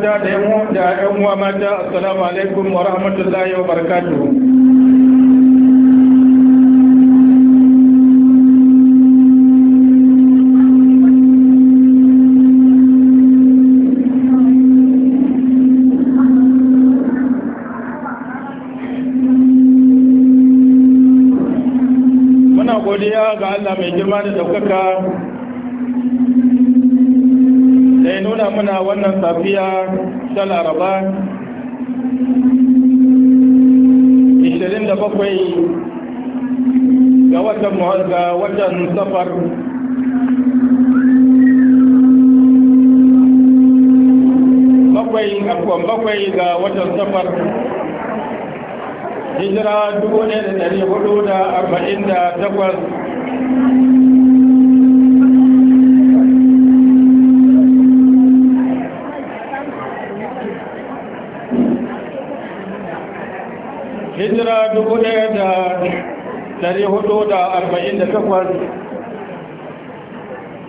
mata da yan uwa mata assalamu alaikum wa rahmatullahi wa barakatuh muna godiya ga Allah mai girma da daukaka wannan safiya ta laraba 27 ga watan ga watan safar bakwai akwai bakwai ga watan safar hijira 1448 dubu da hudu da arba'in da takwas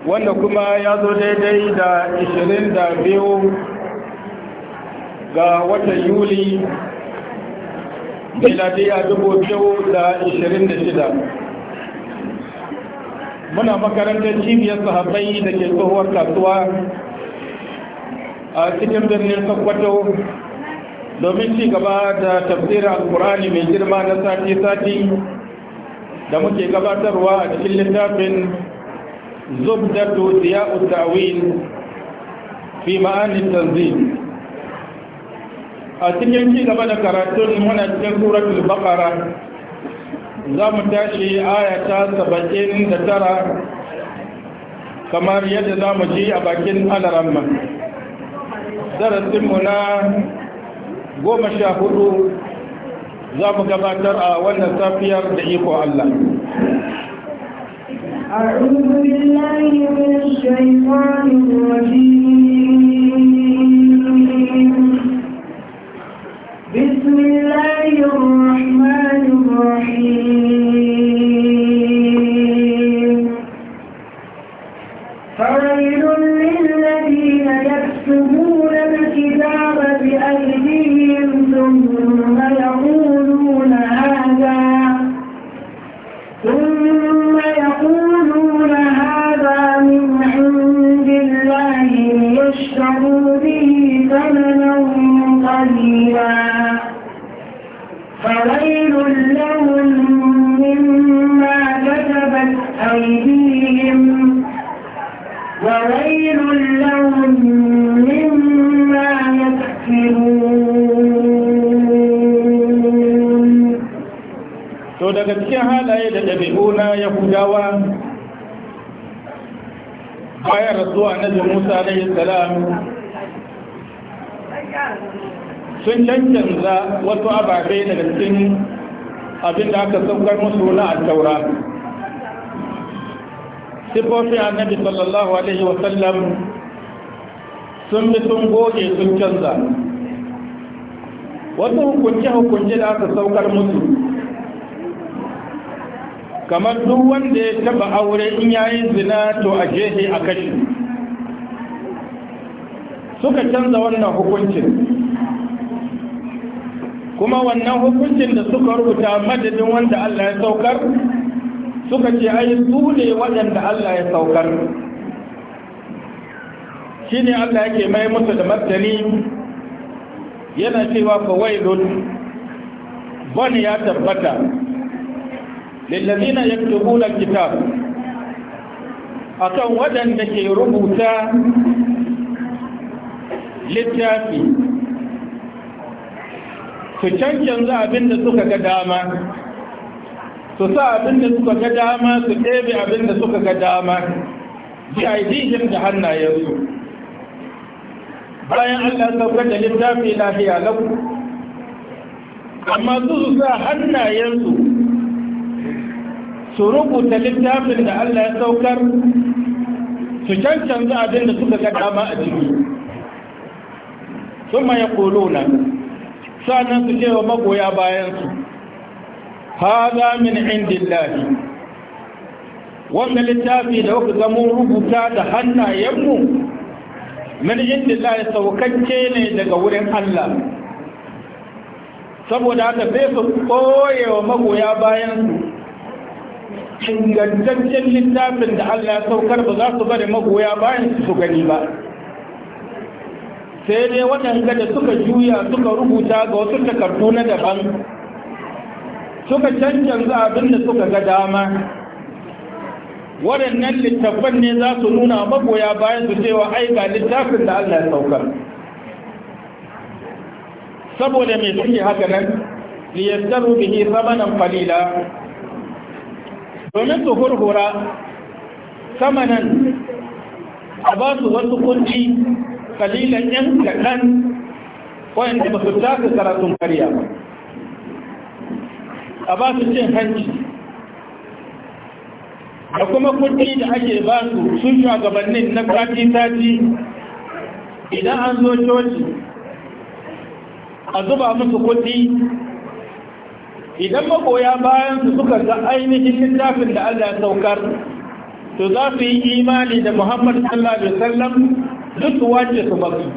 wanda kuma ya zo daidai da ishirin da biyu ga watan yuli miladiya dubu biyu da ishirin da shida muna makarantar cibiyar sahabbai da ke tsohuwar kasuwa a cikin birnin sokoto domin ci gaba da tafsirin alkurani mai girma na sati-sati da muke gabatarwa a cikin littafin zubdatu ziya'u utawin fi ma'anin tanzim a cikin ci gaba da karatun muna cikin suratul baqara za mu tashi ayata saba'in da tara kamar yadda za mu ji a bakin alaramma darasinmu na goma sha hudu za mu gabatar a wannan safiyar da iko Allah أعوذ بالله من الشيطان الرجيم daga cikin halaye da ɗabi'u na yahudawa bayan rasuwa annabi musa alaihi salam sun cancanza wasu ababe daga cikin abin da aka saukar musu na altaura sifofin annabi sallallahu alaihi wasallam sun bi sun goge sun canza wasu hukunce-hukunce da aka saukar musu kamar duk wanda ya taba aure in yayi zina to a jehe a kashi suka canza wannan hukuncin kuma wannan hukuncin da suka rubuta madadin wanda Allah ya saukar suka ce ai su ne waɗanda Allah ya saukar shi ne Allah yake mai musu da martani yana cewa fa wailun bani ya tabbata lillazina yaktubuna alkitab akan waɗanda ke rubuta littafi su cancanza abinda suka ga dama su sa abinda suka ga dama su ɗebe abinda suka ga dama bi aidihin da hannayensu bayan allah saukar da littafi lafiya lau amma su su sa hannayensu su rubuta littafin da Allah ya saukar su cancanzu abin da suka ga ma a ciki sun maye kolona sa'annan su cewa magoya bayansu Ha haza min indillahi Wanda littafi da kuka zama rubuta da hannayenmu min indillahi saukacce ne daga wurin Allah saboda haka sai su koyewa magoya bayansu ingantaccen littafin da Allah ya saukar ba za su bari magoya bayan su gani ba sai dai waɗanda da suka juya suka rubuta ga wasu takardu na daban suka cancanza abinda suka ga dama waɗannan littafan ne za su nuna magoya bayan su cewa aika littafin da Allah ya saukar saboda mai suke haka nan liyattaru bihi samanan falila domin su hurhura sama nan a ba su wasu kunci kalilan yan kaɗan wayanda ba su tafi karatun karya ba a ba su cin hanci da kuma kuɗi da ake ba su sun shugabannin na sati-sati idan an zo coci a zuba musu kuɗi idan magoya bayan su suka ga ainihin littafin da Allah ya saukar to za su yi imani da Muhammad sallallahu alaihi wasallam duk wace su baki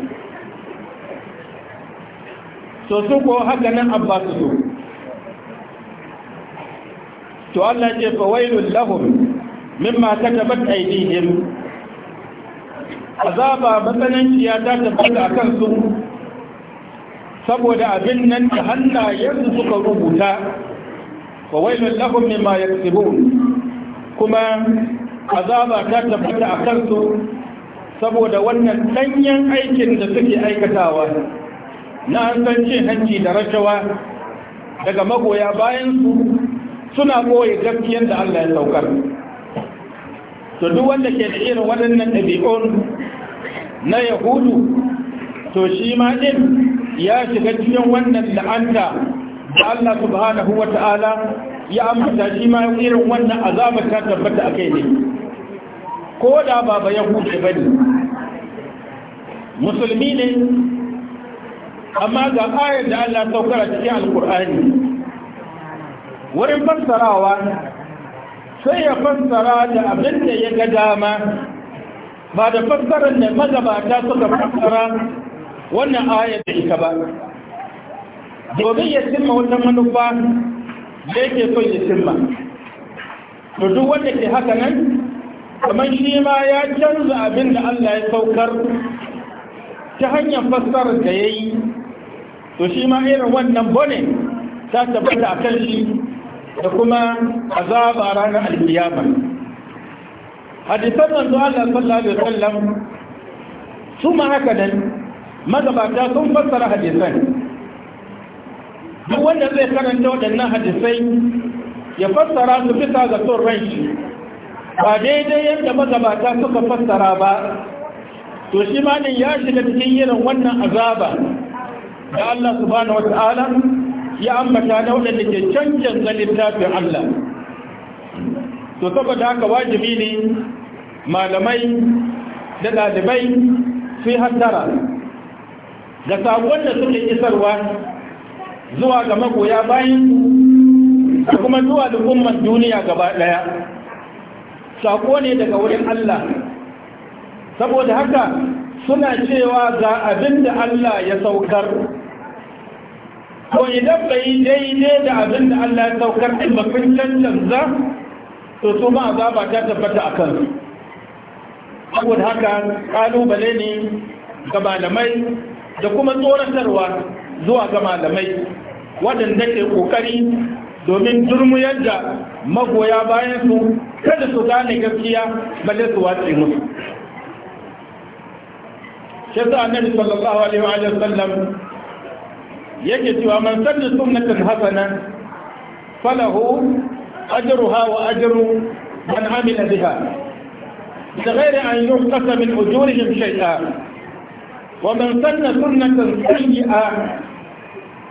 to su ko haka nan abbasu to to Allah ce fa wailul lahum mimma katabat aydihim azaba ya ta tabbata kan su saboda abin nan da hannayensu suka rubuta wa wailun lahum mimma yaktubun kuma azaba ta tabbata a su, saboda wannan danyen aikin da suke aikatawa na an cin hanci da rashawa daga magoya bayan su suna koyi gaskiyar da Allah ya saukar to duk wanda ke da irin waɗannan ɗabi'un na yahudu to shi ma ɗin ya shiga cikin wannan la'anta da Allah subhanahu wa ta'ala ya ambata shi ma irin wannan azabar ta tabbata a kai ne ko da ba ba yahude ba ne musulmi ne amma ga ayar da Allah saukara cikin alkur'ani wurin fassarawa sai ya fassara da abin da ya ga dama ba da fassarar da magabata suka fassara wannan ayar da ita ba domin ya cimma wata manufa da yake son ya cimma to duk wanda ke haka nan kamar shi ma ya canza abin da Allah ya saukar ta hanyar fassarar da ya yi to shi ma irin wannan bane ta tabbata a kan shi da kuma azaba ranar alkiyama hadisan manzo Allah sallallahu alaihi wasallam su ma haka nan magabata sun fassara hadisai duk wanda zai karanta waɗannan hadisai ya fassara su fita ga son ran shi ba daidai yadda magabata suka fassara ba to shi ya shiga cikin irin wannan azaba da Allah subhanahu wata'ala ya ambata da waɗanda ke canjin littafin Allah to saboda haka wajibi ne malamai da ɗalibai sai haddara. da sabuwar da suke isarwa zuwa ga magoya bayan da kuma zuwa al'ummar duniya gaba ɗaya saƙo ne daga wurin Allah saboda haka suna cewa ga abin da Allah ya saukar to idan bai daidai da abin da Allah ya saukar ɗin ba kun cancanza to su ma azaba ta tabbata a kansu saboda haka ƙalubale ne ga malamai da kuma tsoratarwa zuwa ga malamai waɗanda ke ƙoƙari domin turmuyar da magoya bayan su kada su gane gaskiya balle su wace musu shi annabi sallallahu alaihi wa sallam yake cewa man sanna sunnatan hasana falahu ajruha wa ajru man amila biha da an yuqtasa min ujurihim shay'a ومن سن سنة سيئة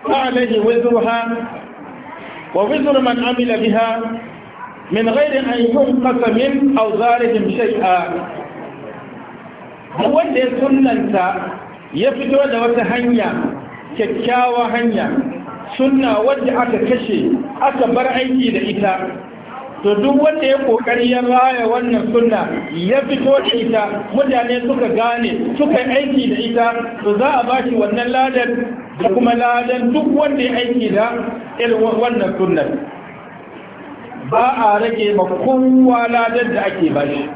فعليه وزرها ووزر من عمل بها من غير أن ينقص من أوزارهم شيئا wanda ya sunanta ya fito da wata hanya kyakkyawa hanya sunna wanda aka kashe aka bar aiki da ita to duk wanda ya kokari ya raya wannan sunna ya fito da ita mutane suka gane suka yi aiki da ita to za a bashi wannan ladan da kuma ladan duk wanda ya aiki da irin wannan sunnar ba a rage ba kowa ladan da ake bashi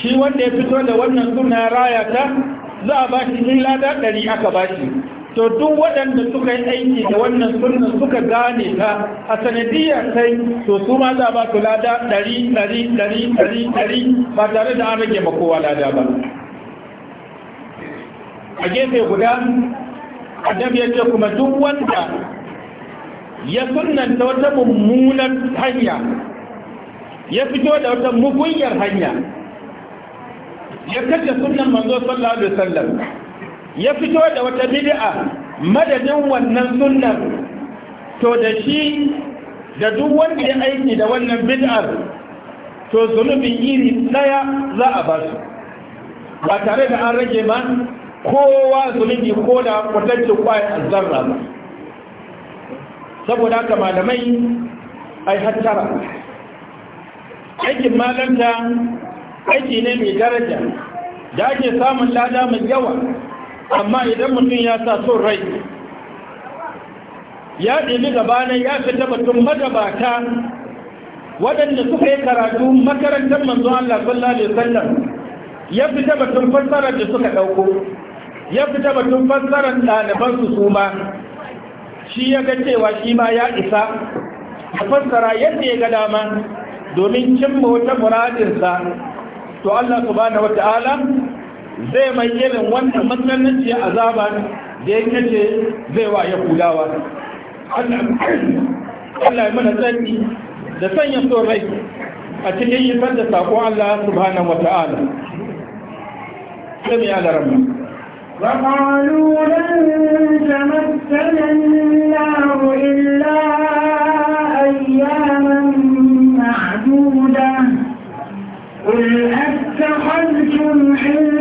shi wanda ya fito da wannan sunna raya ta za a bashi shi ladan ɗari aka bashi to duk waɗanda suka yi aiki da wannan sunan suka gane ta a sanadiyar kai to su ma za ba su lada ɗari ɗari ɗari ɗari ɗari ba tare da an rage makowa lada ba a gefe guda adam ya ce kuma duk wanda ya sunanta wata mummunar hanya ya fito da wata mugunyar hanya ya kashe sunan manzo sallallahu alaihi wasallam ya fito da wata bid'a madadin wannan sunnar to da shi da duk wanda ya aiki da wannan bid'ar to zunubin iri daya za a ba su ba tare da an rage ma kowa zunubi ko da kwatancin a zarra ba saboda haka malamai ai hattara aikin malanta aiki ne mai daraja da ake samun lada mai yawa amma idan mutum ya sa son rai ya ɗini gabanin ya fita batun magabata waɗanda suka yi karatu makarantar manzo Allah sallallahu alaihi wasallam ya fita batun fassarar da suka ɗauko ya fi batun fassarar ɗaliban su su ma shi ya ga cewa shi ma ya isa A fassara yadda ya ga dama domin cimma wata muradinsa to Allah subhanahu wata'ala zai mai irin wannan matsananci azaba da yake ce zai wa yahudawa Allah ya mana tsaki da sanya son rai a cikin isar da saƙon Allah subhanahu wata'ala sai mai alarama وقالوا لن تمثل النار إلا أياما معدودة قل أتخذتم حلما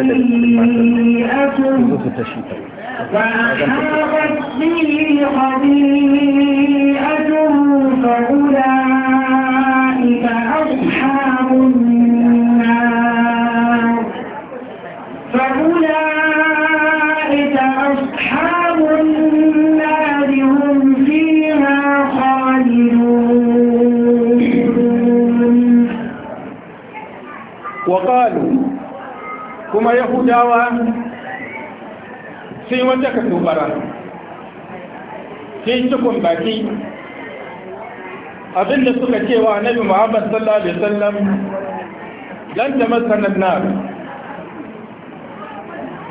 فأحاطت به خديئته فهو kuma yahudawa sun wanda ka tubara sun cikin baki abinda suka cewa nabi muhammad sallallahu alaihi wasallam lan ta masanar nar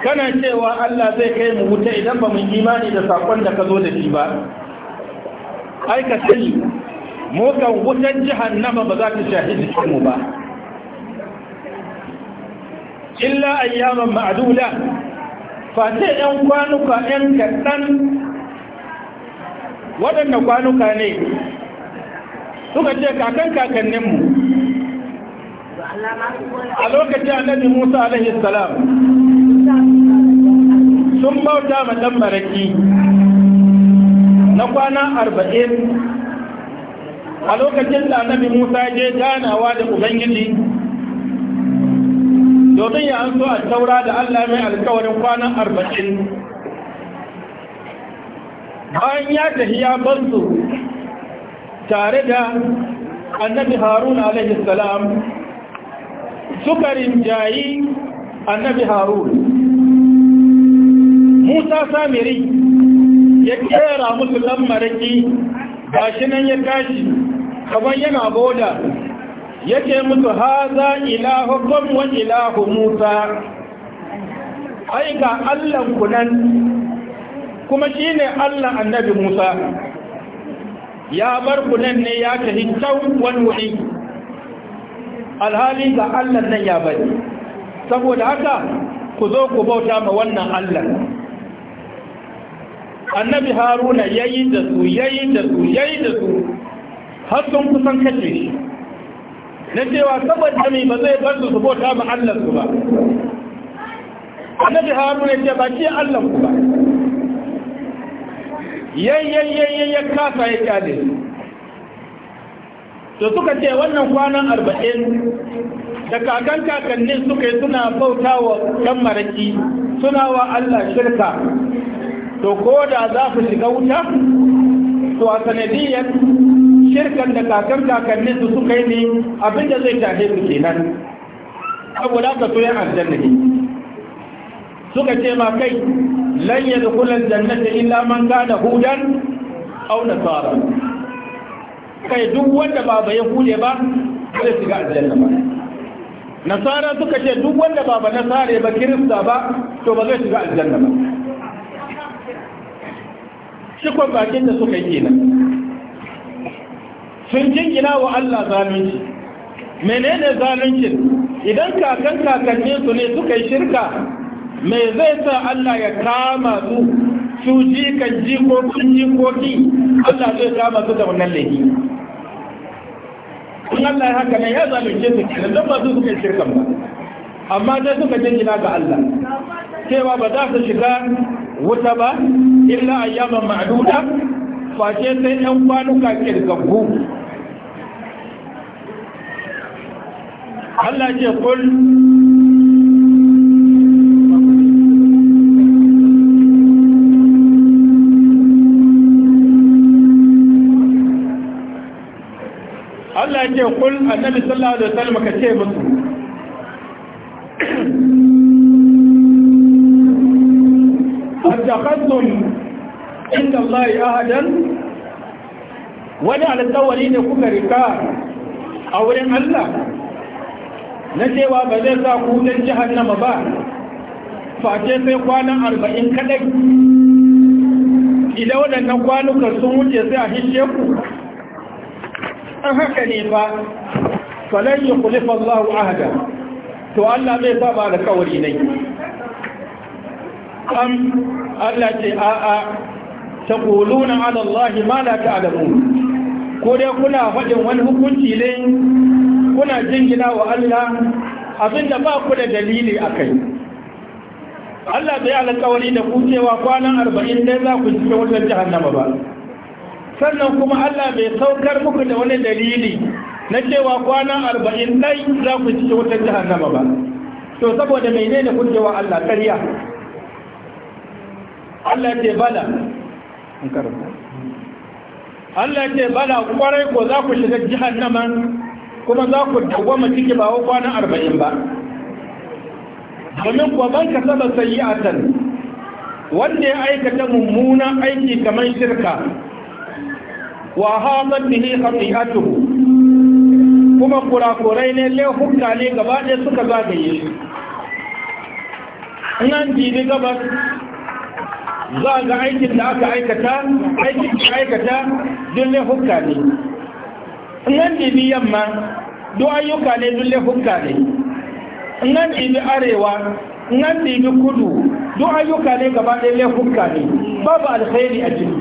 kana cewa Allah zai kai mu wuta idan ba mu imani da sakon da ka zo da shi ba ai ka sani mu kan wutan jahannama ba za ta shahidi mu ba illa ayyaman ma'adula face ‘yan kwanuka ‘yan kaɗan waɗanda kwanuka ne suka ce kakan kakanninmu a lokacin annabi musa alaihi salam sun bauta ma ɗan maraki na kwana arba'in a lokacin da annabi musa ya je ganawa da ubangiji domin ya an zo a taura da Allah mai alkawarin kwanan arba'in bayan ya tafi ya bansu tare da annabi harun alaihi salam suka rinjayi annabi harun musa samiri ya kera musu lammaraki ba shi nan ya tashi kamar yana boda yake musu haza ilahukum wa ilahu Musa ai ga Allah kunan kuma ne Allah annabi Musa ya bar kunan ne ya tafi tau wani wuri alhali ga Allah nan ya bari saboda haka ku zo ku bauta ma wannan Allah annabi Haruna yayi da su yayi da su yayi da su har sun kusan kace shi na cewa saboda jami ba zai bar su su bauta ma Allah su ba annabi haruna ce ba shi Allah ku ba yayyayyayyay ya kasa ya kyale to suka ce wannan kwanan arba'in da kakan kakanni suka yi suna bauta wa ɗan maraki suna wa Allah shirka to ko da za su shiga wuta to a sanadiyyar shirkan da kakar kakannin su suka yi ne abinda zai tahe su kenan saboda ka so yan aljanna ne suka ce ma kai lan yadkhul aljannata illa man gane hudan auna nasara kai duk wanda ba ba hude ba zai shiga aljanna ba nasara suka ce duk wanda ba ba nasare ba kirista ba to ba zai shiga aljanna ba cikon bakin da suka yi kenan sun jingina wa Allah zalunci menene zaluncin idan kakan kakanni su ne suka yi shirka me zai sa Allah ya kama su su ji ko ki Allah zai kama su da wannan laifi kun Allah ya haka ne ya zalunce su kenan don ba su suka yi shirka ba amma dai suka jingina ga Allah cewa ba za su shiga wuta ba illa ayyaman ma'duda face sai 'yan kwanuka kirgaggu Allah ce kul Allah ce kul annabi sallallahu alaihi wasallam ka ce musu Allah ahadan wani alƙawari ne kuka rika a wurin Allah na cewa ba zai sa ku dan jahannama ba face sai kwanan arba'in kaɗai? idan waɗannan kwanukan sun wuce sai a hishe ku an haka ne ba falon yi kulifa Allah ahada to Allah zai saba da kawari ne am Allah ce a'a taquluna ala allahi ma la ta'lamun ko dai kuna faɗin wani hukunci ne kuna jingina wa Allah abinda ba ku da dalili akai Allah bai alƙawari da ku cewa kwanan arba'in dai za ku cikin wajen jahannama ba sannan kuma Allah bai saukar muku da wani dalili na cewa kwanan arba'in dai za ku cikin wajen jahannama ba to saboda mai ne da kun cewa Allah ƙarya Allah ce bala an karanta Allah ce bala kwarai ko za ku shiga jahannama kuma za ku dawwama ciki ba wa arba'in ba domin kuwa ban ka saba sayi'atan wanda ya aikata mummunan aiki kamar shirka wa haɗar bihi khati'atuhu kuma kurakurai ne laifuka ne gaba ɗaya suka zagaye shi nan jibi gabas za ga aikin da aka aikata aikin da aikata dole hukka ne nan bi yamma duk ayyuka ne dole hukka ne nan bi arewa nan bi kudu duk ayyuka ne gaba ɗaya hukka ne babu alkhairi a jini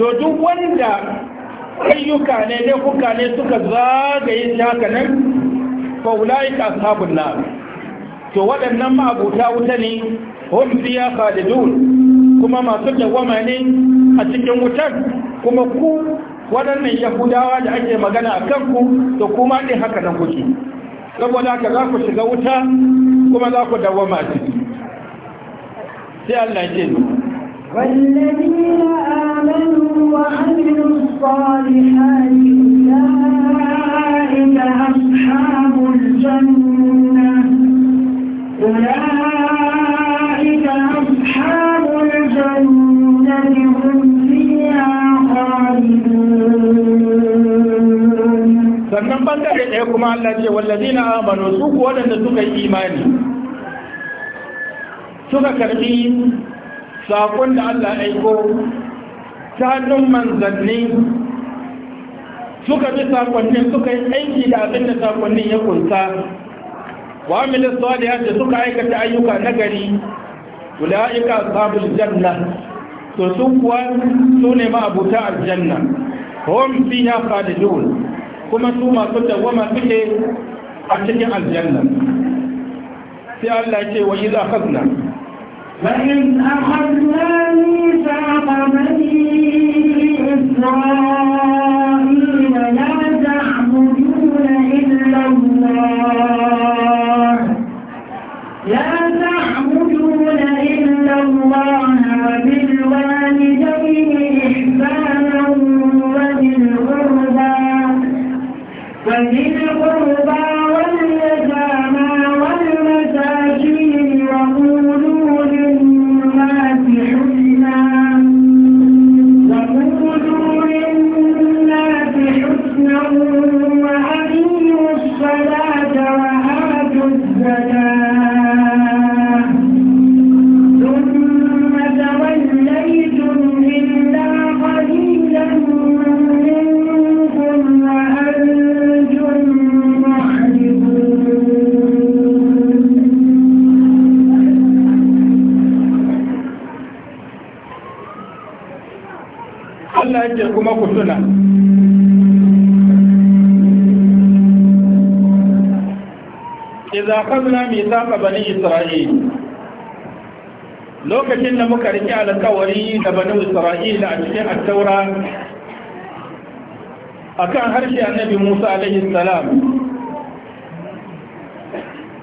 to duk wanda ayyuka ne hukka ne suka zagaye ta haka nan faulai ka sabon na to waɗannan abuta wuta ne hum fiya khalidun kuma masu dawama ne a cikin wutar kuma ku waɗannan yahudawa da ake magana a ku da kuma ɗin haka nan kuke saboda haka za ku shiga wuta kuma za ku dawama a sai Allah ke nuna والذين آمنوا وعملوا الصالحات أولئك أصحاب الجنة أولئك bangare ɗaya kuma Allah ce wallazi na amano su ku waɗanda suka yi imani suka karɓi saƙon da Allah aiko ta hannun manzanni suka bi saƙonnin suka yi aiki da abin da saƙonnin ya kunsa wa amina salihar da suka aikata ayyuka na gari ula'ika sabul janna to su kuwa su ne ma abuta aljanna hum fiha khalidun kuma su masu dawama fite a cikin aljanna sai Allah ya ce wa iz akhadna فإن أخذنا ميثاق بني إسرائيل لا تعبدون إلا الله لا تعبدون إلا الله idan kamna mai zaɓa bani isra'ila lokacin da muka riƙe alƙawari da bani isra'ila a cikin attaura a kan harshe annabi musa alaihi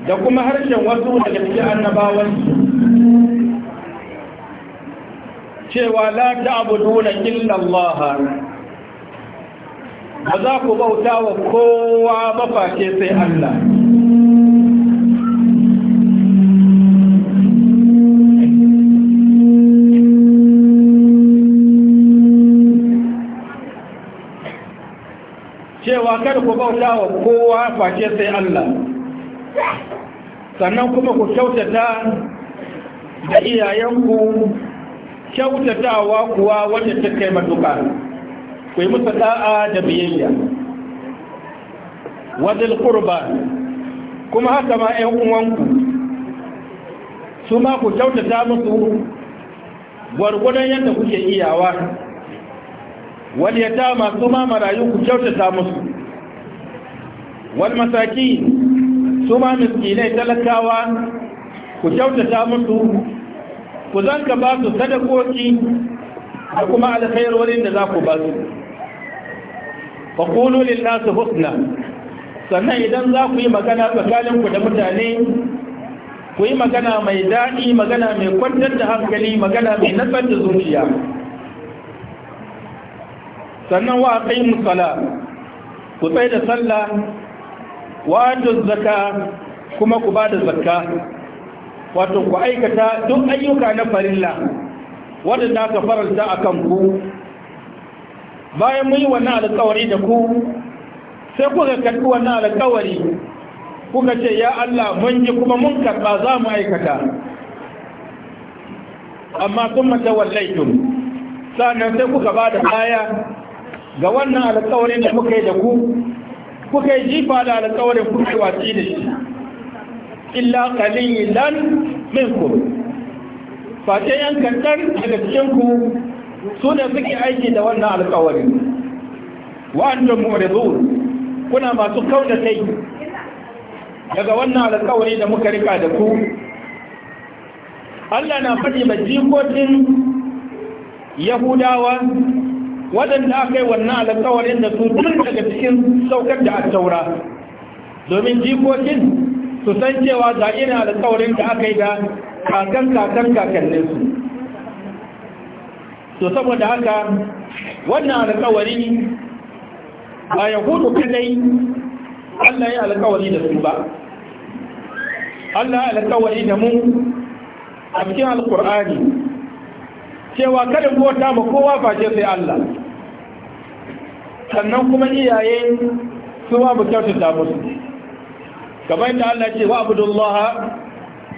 da kuma harshen wasu daga cikin annabawansu cewa la ta'buduna illa Allah ba za ku bauta wa kowa maface sai Allah cewa kada ku bauta wa kowa face sai Allah sannan kuma ku kyautata da iyayenku kyautatawa kuwa wadda ta kai matuƙa ku yi musu da'a da biyayya wadil kurba kuma haka ma 'yan uwanku su ma ku kyautata musu gwargwadon yadda kuke iyawa wani ya dama su ma marayu ku kyautata musu Wani masaki su ma miskinai talakawa ku kyautata musu ku zanka ba su sadakoki da kuma alkhairorin da za ku ba su fa qulu husna sannan idan za ku yi magana tsakaninku da mutane ku yi magana mai daɗi magana mai kwantar da hankali magana mai nasar da zuciya sannan wa kai musala ku tsaye da sallah wa zaka kuma ku ba da zakka wato ku aikata duk ayyuka na farilla waɗanda aka faranta a kan ku bayan mun yi wannan alkawari da ku sai kuka karɓi wannan alkawari kuka ce ya Allah mun ji kuma mun karɓa za mu aikata amma sun mata wallaitun sannan sai kuka ba da kaya ga wannan alkawarin da muka yi da ku kuka yi jifa da alƙawarin kuka wasi da shi illa qalilan minkum face yan kankan daga cikin ku su ne suke aiki da wannan alƙawarin wa antum mu'ridun kuna masu da kai daga wannan alƙawari da muka rika da ku Allah na faɗi ma jikokin Yahudawa waɗanda aka yi wannan alƙawarin da su tun daga cikin saukar da attaura domin jikokin su san cewa ga irin alƙawarin da aka yi da kakan kakan kakannin su to saboda haka wannan alƙawari ba ya hudu kadai Allah ya alƙawari da su ba Allah ya alƙawari da mu a cikin alƙur'ani cewa kada ku wata ba kowa face sai Allah sannan kuma iyaye su ba mu kyautata musu kamar da Allah ce wa abdullah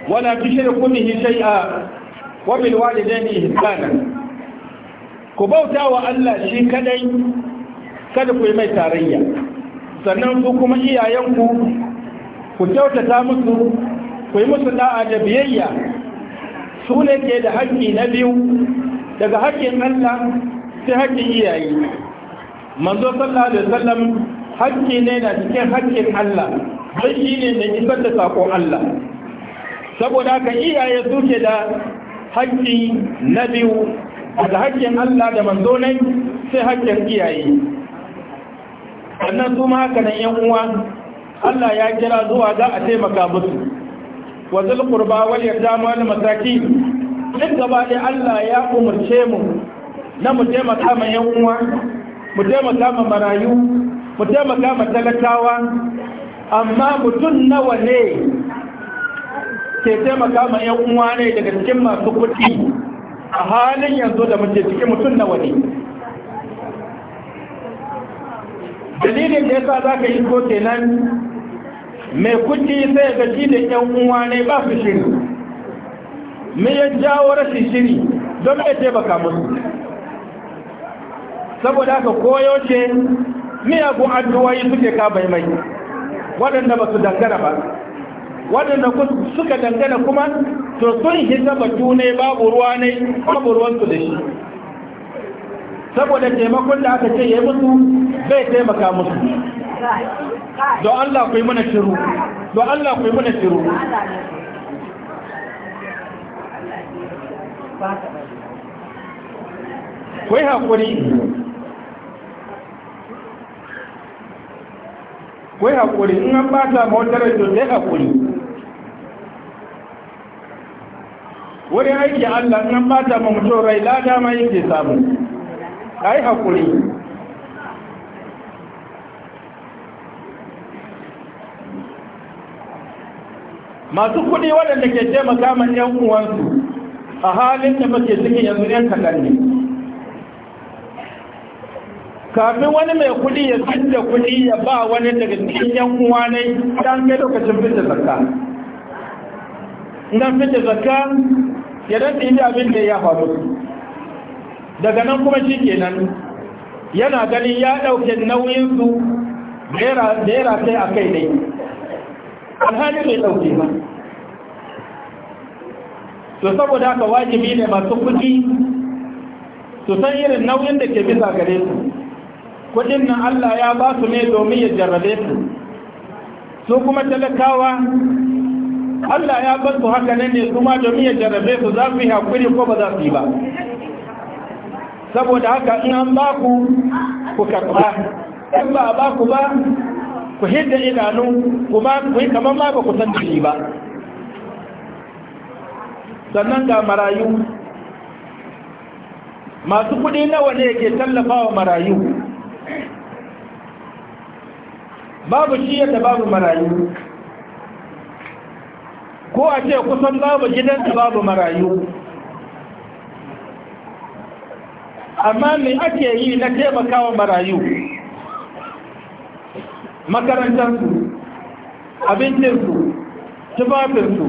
wala tushriku bihi shay'a wa bil walidaini ihsana ku bauta wa Allah shi kadai kada ku yi mai tarayya sannan ku kuma iyayenku ku kyautata musu ku yi musu da'a da biyayya su ne ke da haƙƙi na biyu daga haƙƙin Allah sai haƙƙin iyaye manzo sallallahu alaihi wasallam haƙƙi ne na cikin haƙƙin Allah don shi ne da isar da saƙon Allah saboda haka iyaye su ke da haƙƙi na biyu daga haƙƙin Allah da manzo ne sai haƙƙin iyaye sannan su ma haka nan yan uwa Allah ya kira zuwa za a taimaka musu wa zul qurba wal yatama wal masakin duk gaba da Allah ya umarce mu na mu taimaka ma yan uwa mu taimaka ma marayu mu taimaka ma talakawa amma mutum nawa ne ke taimaka ma yan uwa ne daga cikin masu kuɗi a halin yanzu da muke cikin mutum nawa ne dalilin da yasa za ka yi ko kenan mai kuɗi sai ga shi da ƴan uwa ne ba su shiri me ya jawo rashin shiri don ya taimaka musu saboda haka koyo ce miyagun addu'o'i suke ka bai mai waɗanda ba su dangana ba waɗanda suka dangana kuma to sun hita batu ne babu ruwa ne babu ruwansu da shi saboda taimakon da aka ce ya musu bai taimaka musu don Allah ku yi mana shiru don Allah ku yi mana shiru ku yi haƙuri ku yi haƙuri in an bata mawatar da zai haƙuri wurin aiki Allah in an bata ma mutum rai lada ma yake samu ka yi haƙuri masu kuɗi waɗanda ke taimaka ma ‘yan uwansu a halin da mace cikin yanzu ‘yan kaɗan ne kafin wani mai kuɗi ya da kuɗi ya ba wani daga cikin ‘yan uwa ne ta hanyar lokacin fidda zakka nan fidda zakka ya rantsa yi abin da ya faru daga nan kuma shi kenan yana ganin ya ɗauke nauyinsu da ya ratai a kai ne alhali bai ɗauke ba to saboda haka wajibi ne masu kuɗi su san irin nauyin da ke bisa gare su kuɗin nan Allah ya ba su ne domin ya jarrabe su su kuma talakawa Allah ya ba su haka ne su ma domin ya jarrabe su za su yi hakuri ko ba za su yi ba saboda haka in an ba ku ku karɓa in ba a ba ku ba ku hidda idanu kuma ku yi kamar ma ba ku san shi ba sannan ga marayu masu kuɗi nawa ne ke tallafa wa marayu babu shi yadda babu marayu ko a ce kusan babu gidan da babu marayu amma mai ake yi na taimakawa marayu makarantarsu abincinsu tufafinsu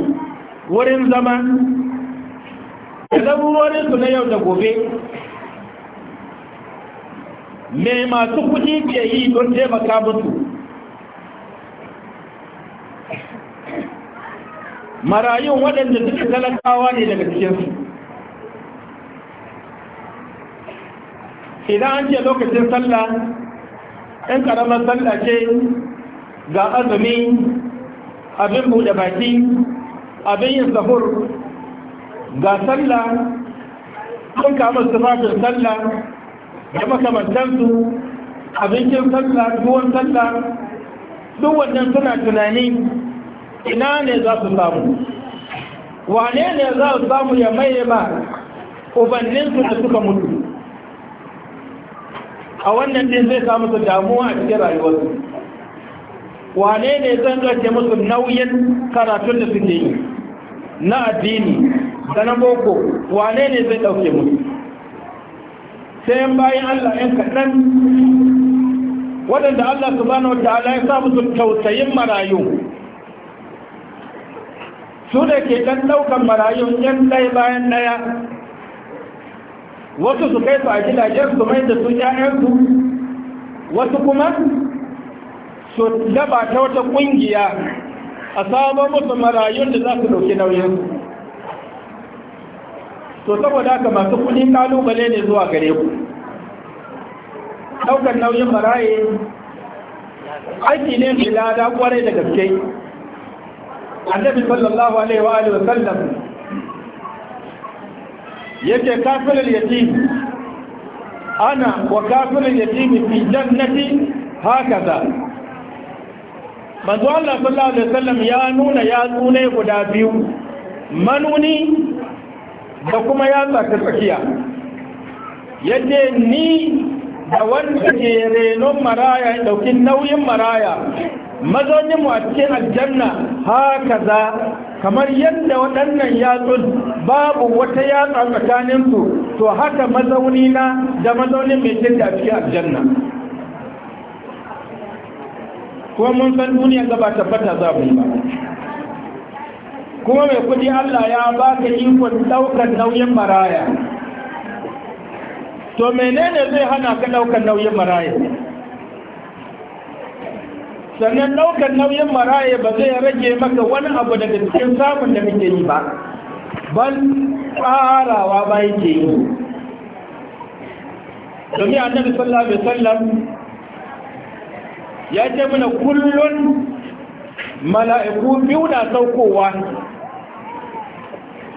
wurin zama da zaburorinsu na yau da gobe mai masu kuɗi ke yi don taimaka musu marayun waɗanda suka talakawa ne daga cikinsu idan an ce lokacin sallah ɗan ƙaramar sallah ce ga azumi abin buɗe baki abin yin sahur ga sallah sun kama sufafin sallah da makamantansu abincin salla ruwan salla duk wannan suna tunani ina ne za su samu wane ne za su samu ya maye ba ubanninsu da suka mutu a wannan din zai samu su damuwa a cikin rayuwarsu wane ne zan ɗauke musu nauyin karatun da suke yi na addini da na boko wane ne zai ɗauke musu sai bayan allah ‘yan kaɗan waɗanda allah subhanahu wa ta'ala ya samu su tausayin marayu su da ke ɗan ɗaukan marayu ‘yan ɗaya bayan ɗaya wasu su kai su a gidajen su mai da su ƴaƴansu wasu kuma su daba ta wata ƙungiya a sabon musu marayun da za su ɗauki nauyin to saboda haka masu kuɗi kalubale ne zuwa gare ku ɗaukar nauyin maraye aiki ne mai lada kwarai da gaske annabi sallallahu alaihi wa sallam yake kafirul yatim ana wa kafirul yatim fi jannati hakaza manzo Allah sallallahu alaihi wasallam ya nuna ya tsune guda biyu manuni da kuma ya tsaka tsakiya yace ni da wanda ke renon maraya daukin nauyin maraya mazaunin mu a cikin aljanna hakaza kamar yadda waɗannan yatsun babu wata yatsa tsakaninku to haka mazauni na da mazaunin mai cin da fi aljanna kuma mun san duniya gaba tabbata za mu ba kuma mai kudi Allah ya baka ka ikon ɗaukar nauyin maraya to menene zai hana ka ɗaukar nauyin maraya sannan ɗaukar nauyin maraye ba zai rage maka wani abu daga cikin samun da kake yi ba ban ƙarawa ba yake yi domin annabi sallallahu alaihi wasallam ya ce mana kullun mala'iku biyu na saukowa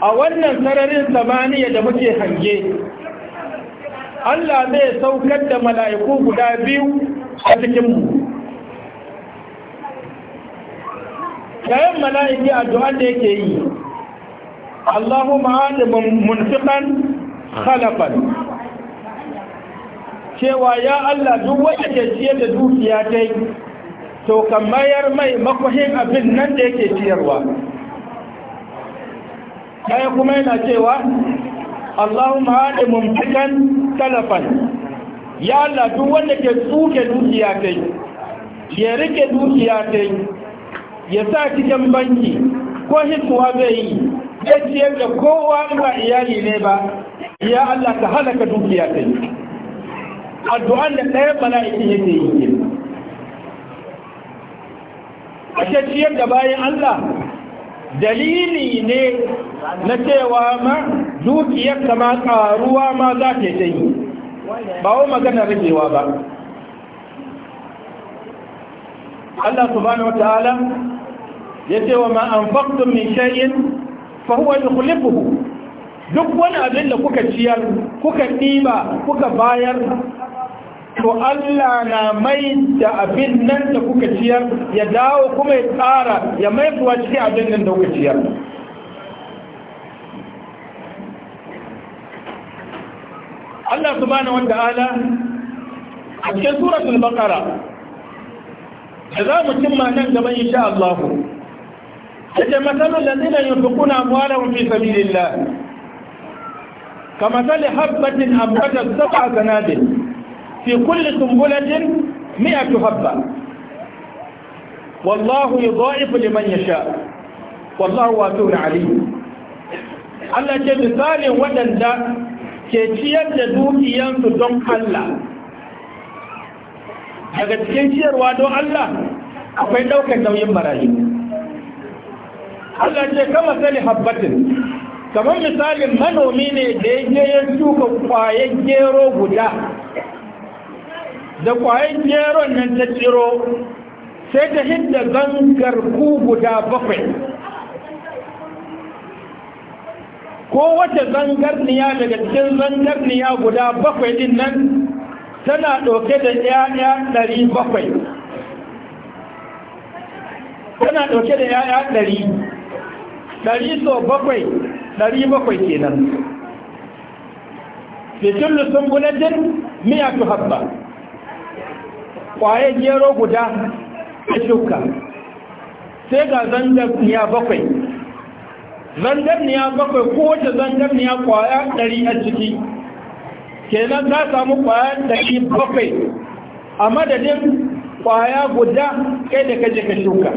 a wannan sararin samaniya da muke hange Allah zai saukar da mala'iku guda biyu a cikin mu. yayin mala'iki juan da yake yi Allahumma alimin munfiqan khalafan cewa ya Allah duk wanda ke ciye da dukiya ta yi to kan mayar mai makwahin abin nan da yake ciyarwa ɗaya kuma yana cewa Allahumma alimin munfiqan khalafan ya Allah duk wanda ke tsuke dukiya ta yi ya rike dukiya ta yi ya sa cikin banki ko kuwa zai yi ya ciyar da kowa ba iyali ne ba ya Allah ka halaka dukiya ta yi addu'an da ɗaya ya ce yi ke a ciyar da bayan Allah dalili ne na cewa ma dukiyar ma ƙaruwa ma za ta yi ba wa magana rikewa ba Allah subhanahu wa ta'ala ya ce wa ma'amfaktun min sha'in fahuwa da kulifuhu duk wani abin da kuka ciyar kuka ɗiba kuka bayar to Allah na mai da abin nan da kuka ciyar ya dawo kuma ya tsara ya mai kuwa cikin abin nan da kuka ciyar Allah subhanahu wa ta'ala a cikin suratul baqara da za mu cimma nan gaban insha Allah yin matalul ladina yunfiquna amwalahum fi sabilillah kamatali habbatin ambatat sab'a sanabil fi ni a mi'atu habba wallahu ifu liman sha wallahu na ali Allah ce misalin waɗanda ke ciyar da dukiyansu don Allah daga cikin ciyarwa don Allah akwai ɗaukar nauyin barayi Allah ce kama sani habbatin kamar misalin manomi ne da ya je ya shuka kwayen gero guda da kwayen geron nan ta tsiro sai ta hidda gangar ku guda bakwai ko wata zangarniya daga cikin zangarniya guda bakwai din nan tana ɗauke da ‘ya'ya ɗari bakwai tana ɗauke da ɗaya ɗari ɗari bakwai ɗari bakwai kenan fitin lusun gulatin miya tu habba ƙwaye gero guda a shuka sai ga niya bakwai niya bakwai kowace niya ƙwaya ɗari a ciki kenan za samu ƙwaya ɗari bakwai a madadin ƙwaya guda kai da kaje ka shuka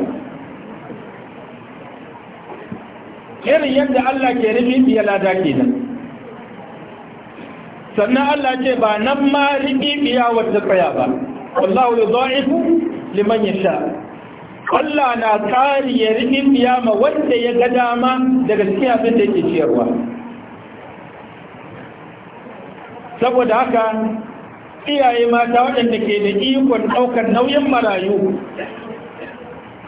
irin yadda Allah ke rufi biya lada kenan sannan Allah ce ba nan ma rufi biya wata tsaya ba wallahu ifu liman ya sha, Allah na kari ya rufi biya ma wanda ya ga dama daga cikin abin da yake ciyarwa saboda haka iyaye mata waɗanda ke da ikon ɗaukar nauyin marayu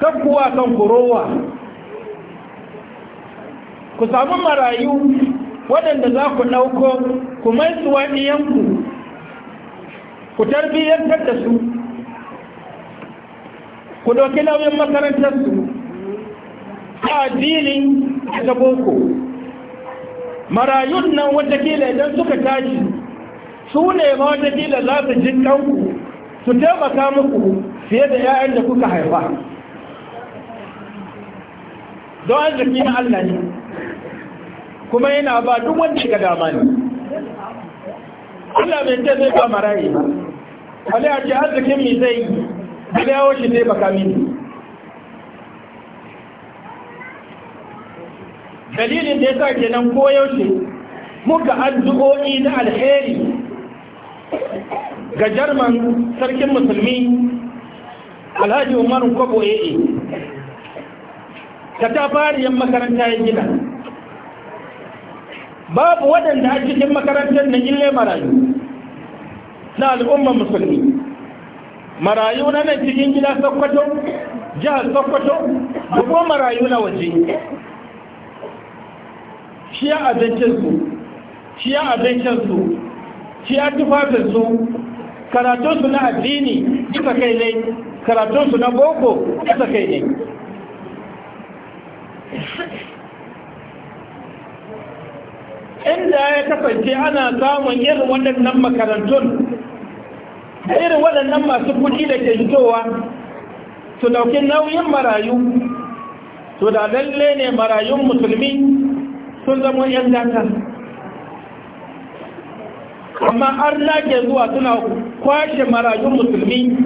kan kuwa kan kurowa ku samu marayu waɗanda za ku ɗauko ku mai suwa ɗiyanku ku tarbiyyantar da su ku ɗauki nauyin makarantarsu a addini da boko marayun nan watakila idan suka tashi su ne ma watakila za su ji ɗanku su taimaka muku fiye da 'ya'yan da kuka haifa don arziki na Allah ne kuma yana ba duk wanda shiga dama ne Allah bai ce zai ba marayi ba wani a ce arzikin mi zai yi da yawon shi zai baka mini dalilin da ya sa kenan yaushe muka addu'o'i na alheri ga jarman sarkin musulmi alhaji umaru kwabo ee ka ta fariyan makaranta ya gina babu waɗanda a cikin makarantar na ille marayu na al'ummar musulmi marayu na nan cikin gida sokoto jihar sokoto da marayu na waje shi ya abincinsu shi ya abincinsu shi tufafinsu karatunsu na addini duka kai ne karatunsu na boko duka kai ne yadda ya kasance ana samun irin waɗannan makarantun da irin waɗannan masu kuɗi da ke fitowa su ɗauki nauyin marayu to da lalle ne marayun musulmi sun zama 'yan data amma an ke zuwa suna kwashe marayun musulmi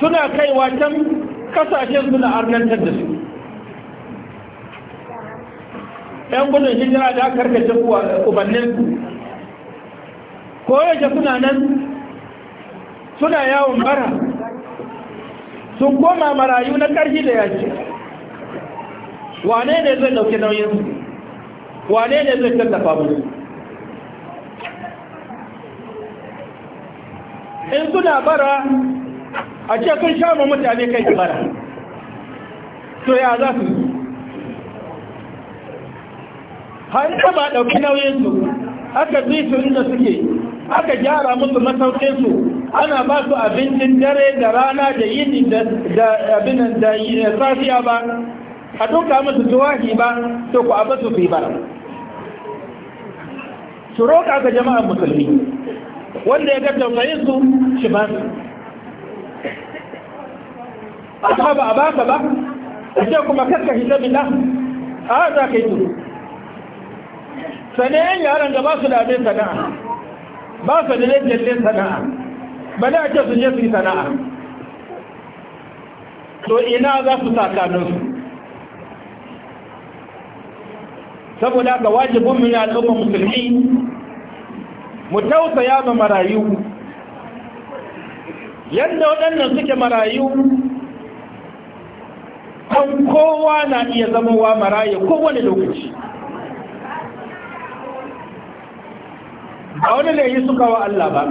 suna kaiwa can kasashen suna arnantar da su yan gudun hijira da aka a ubanninsu su. yake suna nan suna yawon bara sun koma marayu na ƙarfi da yaki wane ne zai ɗauki nauyinsu wane ne zai tallafa musu in suna bara a ce sun sha mutane kai bara to ya za su yi har ta ba ɗauki nauyinsu aka bi su inda suke aka gyara musu masaukinsu ana ba su abincin dare da rana da yini da abin da eh, safiya ba a duka musu tuwahi ba to ku abu su fi bara su roƙa ga jama'ar musulmi wanda ya ga tausayin su shi ba su a ba a ba ka ba a ce kuma kaskashi hisabi na a za ka yi turu 'yan yaran da ba su da abin sana'a ba su da lallalle sana'a ba da ake sun je su yi sana'a to ina za su sakaninsu saboda ga wajibin mu na al'umma musulmi mu tausaya ma marayu yadda waɗannan suke marayu kan kowa na iya zamowa marayu kowane lokaci A wani yi suka wa Allah ba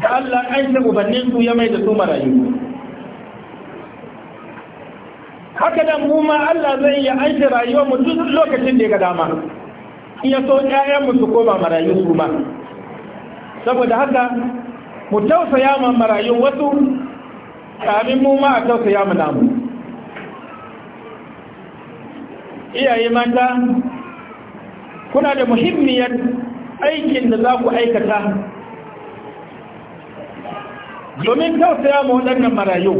da Allah an shi ubannin su ya mai da su marayu haka da mu ma Allah zai iya an shi rayuwar mu duk lokacin da ya ga dama ya so ƴaƴan mu su koma marayu su ma saboda haka mu tausaya ma marayun wasu kamin mu ma a tausaya mu namu iyaye mata kuna da muhimmiyar aikin da za ku aikata domin tausaya mu waɗannan marayu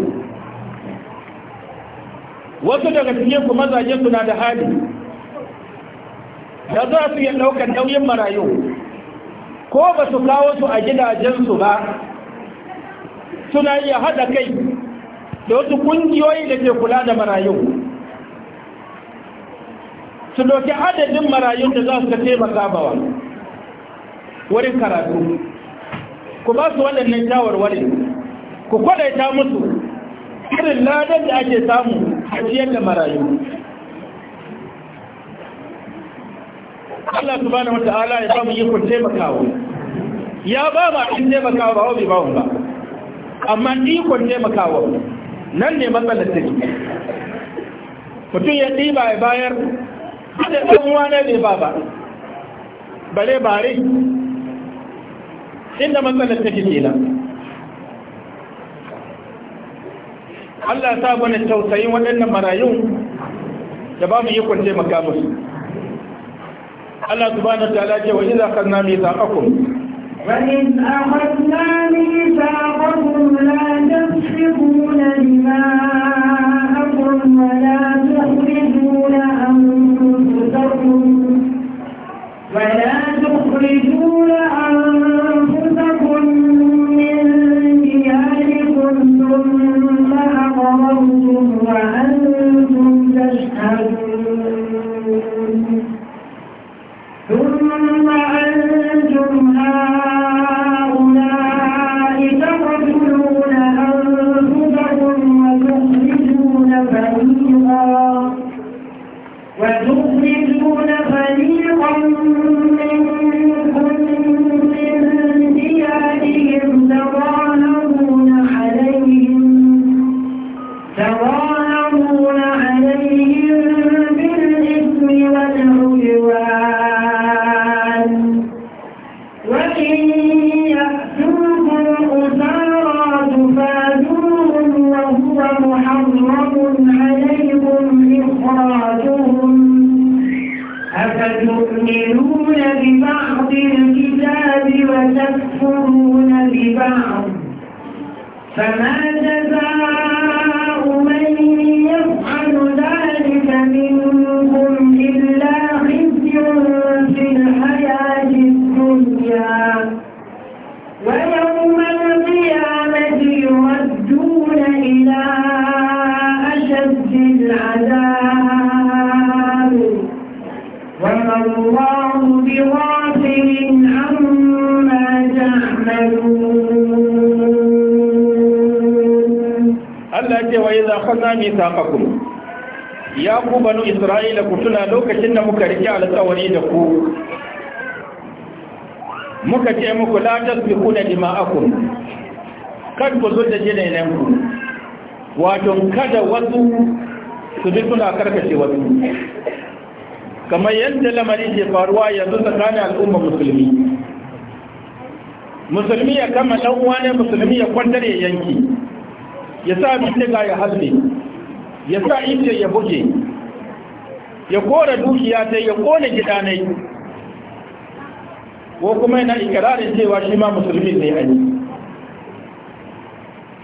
wasu daga cikin ku mazajen na da hali da za su yi ɗaukar nauyin marayu ko ba su kawo su a gidajensu ba suna iya haɗa kai da wasu ƙungiyoyi da ke kula da marayu su doki adadin marayun da za su taimaka bawa wurin karatu ku ba su waɗannan shawarwari ku kwadaita musu irin ladar da ake samu a ciyar da marayu Allah subhanahu wata'ala ya ba mu yi kun taimakawa ya ba ma ɗin taimakawa ba bai ba mu ba amma ikon taimakawa nan ne matsalar take mutum ya ɗiba ya bayar da ɗan wane ne ba ba bare bare إن مسألة تجميلة الله تعالى من التوسعين وإن مرايون جبام يقول جي مكابس الله سبحانه وتعالى جي وإذا أخذنا ميثاقكم وإن أخذنا ميثاقكم لا تسفكون لما ولا تخرجون أنفسكم ولا تخرجون أنفسكم أقررتم وأنتم تشهدون ثم أنتم هؤلاء akhadna mithaqakum ya ku banu isra'ila ku tuna lokacin da muka rike alƙawari da ku muka ce muku la tasbihuna dima'akum kad ku zo da jinainen ku wato kada wasu su bi suna karkace wasu kamar yadda lamari ke faruwa yanzu tsakanin al'umma musulmi musulmi ya kama ɗan ne musulmi ya kwantar ya yanki ya sa bindiga ya halbe ya sa inda ya buge ya kora dukiya ta ya kone gidanai ko kuma yana ikirarin cewa shi ma musulmi ne a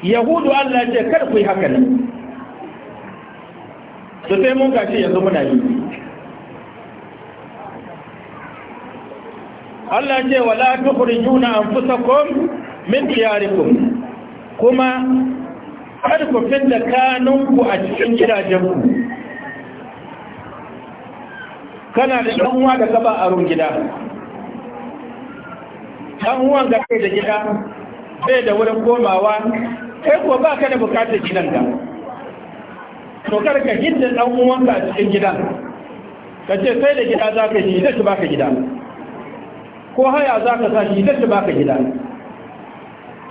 yahudu allah ce kar ku yi haka ne su sai mun gashi yanzu muna yi allah ce wala tukhrijuna anfusakum min diyarikum kuma har ku fidda kanunku a cikin gidajenku kana da uwa da gaba a ruwan gida ɗanwan ga kai da gida bai da wurin komawa kai kuwa ba ka da bukatar gidanka to kar ka hidda ka a cikin gida, ka ce sai da gida za ka shi da shi baka gida ko haya za ka sa shi da shi baka gida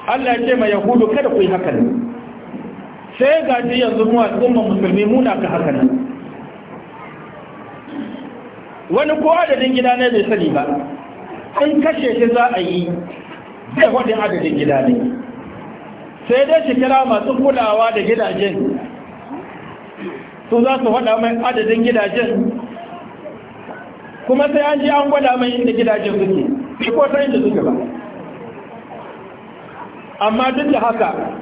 Allah ya ce mai yahudu kada ku yi hakan sai ga shi yanzu mu al'umma musulmi muna ka haka nan wani ko adadin gida ne bai sani ba in kashe shi za a yi zai wadin adadin gida ne sai dai shi kira masu kulawa da gidajen su za su faɗa mai adadin gidajen kuma sai an ji an gwada mai inda gidajen suke ko ta inda suke ba amma duk da haka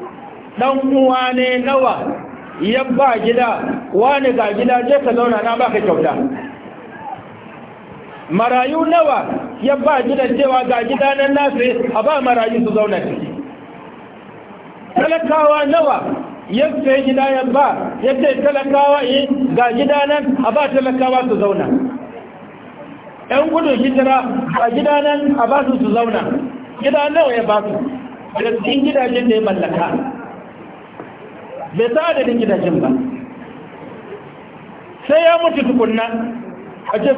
dan uwa ne nawa ya ba gida wani ga gida je ka zauna na baka kyauta marayu nawa ya ba gidan cewa ga gida nan nasu a ba marayu su zauna ciki talakawa nawa ya sai gida ya ba ya ce talakawa yi eh, ga gida nan a ba talakawa su zauna ‘yan gudu hijira a gida nan a ba su su zauna gida nawa ya ba su da cikin gidajen da ya mallaka bai sa adadin gidajen ba sai ya mutu tukunna a ce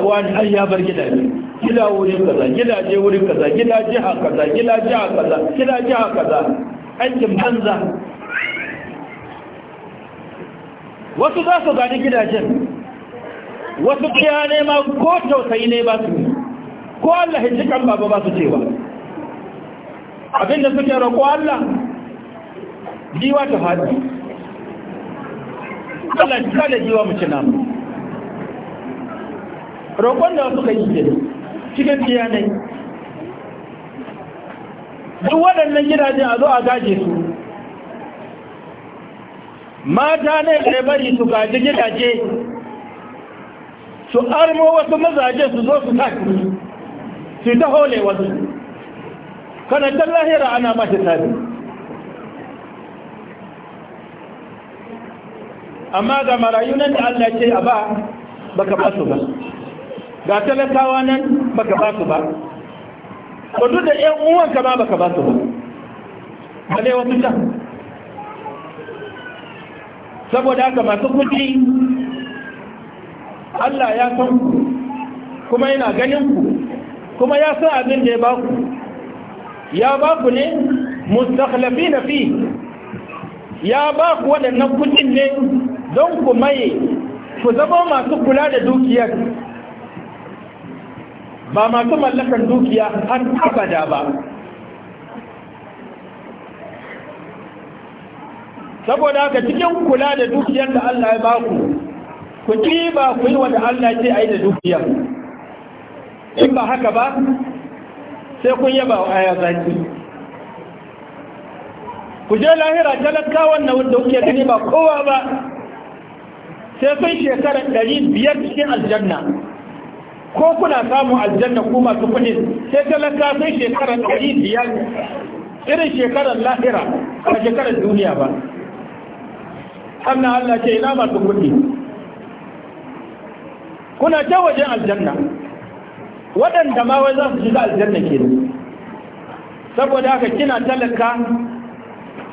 wani an ya bar gidaje gida wurin kaza gidaje wurin kaza gida jiha kaza gida jiha kaza gida jiha kaza aikin banza wasu za su gani gidajen wasu kiya ne ma ko tausayi ne ba su ko Allah hijikan baba ba su cewa abinda suke roƙo Allah jiwa ta faɗi Allah shi kada jiwa mu ci namu roƙon da suka yi ke cikin tiyanai duk waɗannan gidaje a zo a gaje su mata ne kai bari su gaji gidaje su armo wasu mazaje su zo su taki su ta hole wasu kana ta lahira ana mata tabi amma ga marayu nan da Allah ce a ba baka ba su ba ga talakawa nan baka ba su ba ko duk da ƴan uwan kama baka ba su ba ne wasu can saboda haka masu kuɗi Allah ya san ku kuma yana ganin ku kuma ya san abin da ya ba ku ya ba ku ne mustakhlafi na fi ya ba ku waɗannan kuɗin ne don ku maye ku zama masu kula da dukiyar ba masu mallakan dukiya har abada ba saboda haka cikin kula da dukiyar da Allah ya baku ku ba ku yi wanda Allah ce a yi da dukiyar in ba haka ba sai kun yaba wa aya zaki ku je lahira talakawan na wanda kuke gani ba kowa ba sai kai shekarar ɗari biyar cikin aljanna ko kuna samun aljanna ko masu kuɗi sai talaka sai shekarar ɗari biyar irin shekarar la'ira a shekarar duniya ba sannan Allah ce ina masu kuɗi kuna ta wajen aljanna waɗanda ma wai za su shiga aljanna ke saboda haka kina talaka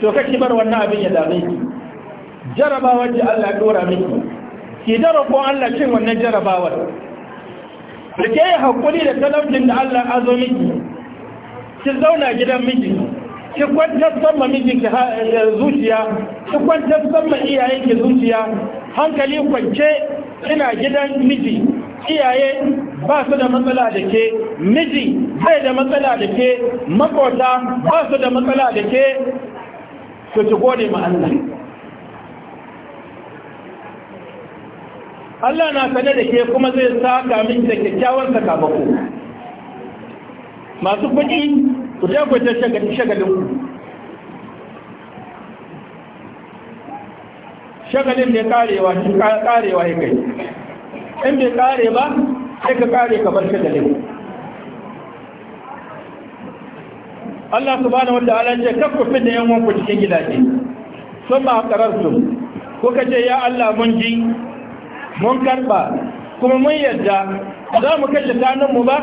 to kashi bar wannan abin ya dame ki jarabawa da Allah ya dora miki ki dara ko Allah cin wannan jarabawar da ke yi haƙuri da talaucin da Allah zo miki ki zauna gidan miji ki kwantar sama miji ki eh, zuciya ki kwantar sama iyayen ki zuciya hankali kwance ina gidan miji iyaye ba su da matsala da ke miji bai da matsala da ke makota ba su da matsala da ke su ci gode ma Allah Allah na sane da ke kuma zai saka min da kyakkyawan sakamako masu kuɗi ku je ku shagalin shagalinku shagalin ne karewa shi karewa ya kai in bai kare ba sai ka kare ka bar shagalin Allah subhanahu wataala ce kafa fi da yan wanku cikin gidaje sun ba a karar su ka ce ya Allah mun ji mun karba kuma mun yarda ba za mu kashe mu ba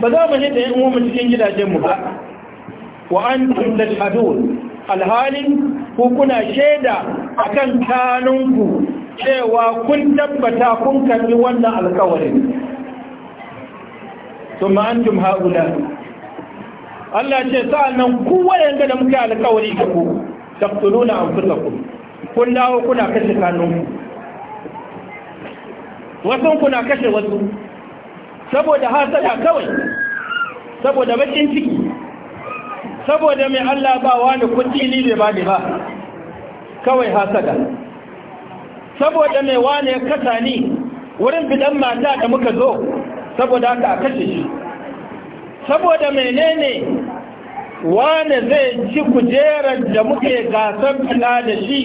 ba za mu hita yan uwanmu cikin gidajenmu ba wa an tunda shadun alhalin ku kuna shaida akan kanunku cewa kun tabbata kun kalli wannan alkawarin ثم أنتم هؤلاء Allah ce sa'annan ku waɗanda da muke alkawari da ku taqtuluna anfusakum kun dawo kuna kashe kanunku wasu kuna kashe wasu saboda hasada kawai saboda bakin ciki saboda mai Allah ba wani kuɗi ni bai ba ne ba kawai hasada saboda mai wani ya kasa ni wurin bidan mata da muka zo saboda haka a kashe shi saboda menene wane zai ci kujerar da muke gasar kula da shi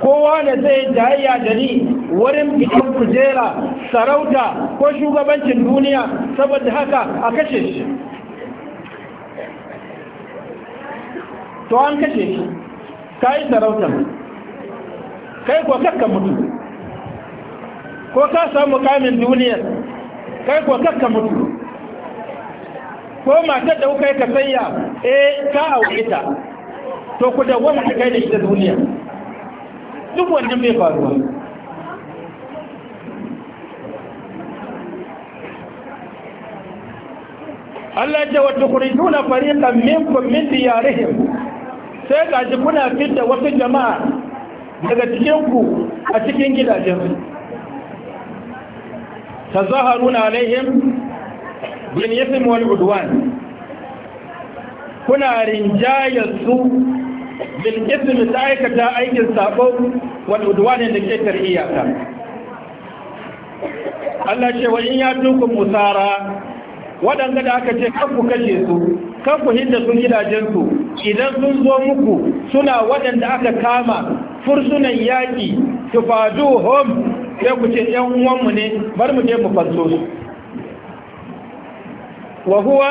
kowa da zai jayayya da ni wurin fitan kujera sarauta ko shugabancin duniya saboda haka a kashe shi to an kashe shi ka yi sarauta kai ko kakka mutu ko ka samu kamin duniyar kai ko kakka mutu ko matar da kuka yi ka sanya eh ka aure ta to ku da wani kai da da duniya duk wannan bai faruwa Allah ce wata kurijuna fariƙan minkum min diyarihim sai ga ji kuna fidda wasu jama'a daga cikinku a cikin gidajen ta zaharuna alaihim bin yasin wal kuna rinjayar su bil ismi ta aikata aikin sabo wal ne da ke tarhiya Allah ce wa in ya tuku musara waɗanda da aka ce kan ku kashe su kan ku hidda su gidajensu idan sun zo muku suna waɗanda aka kama fursunan yaƙi tufadu hom. sai ku ce ‘yan uwanmu ne bar mu je mu fanso su wa huwa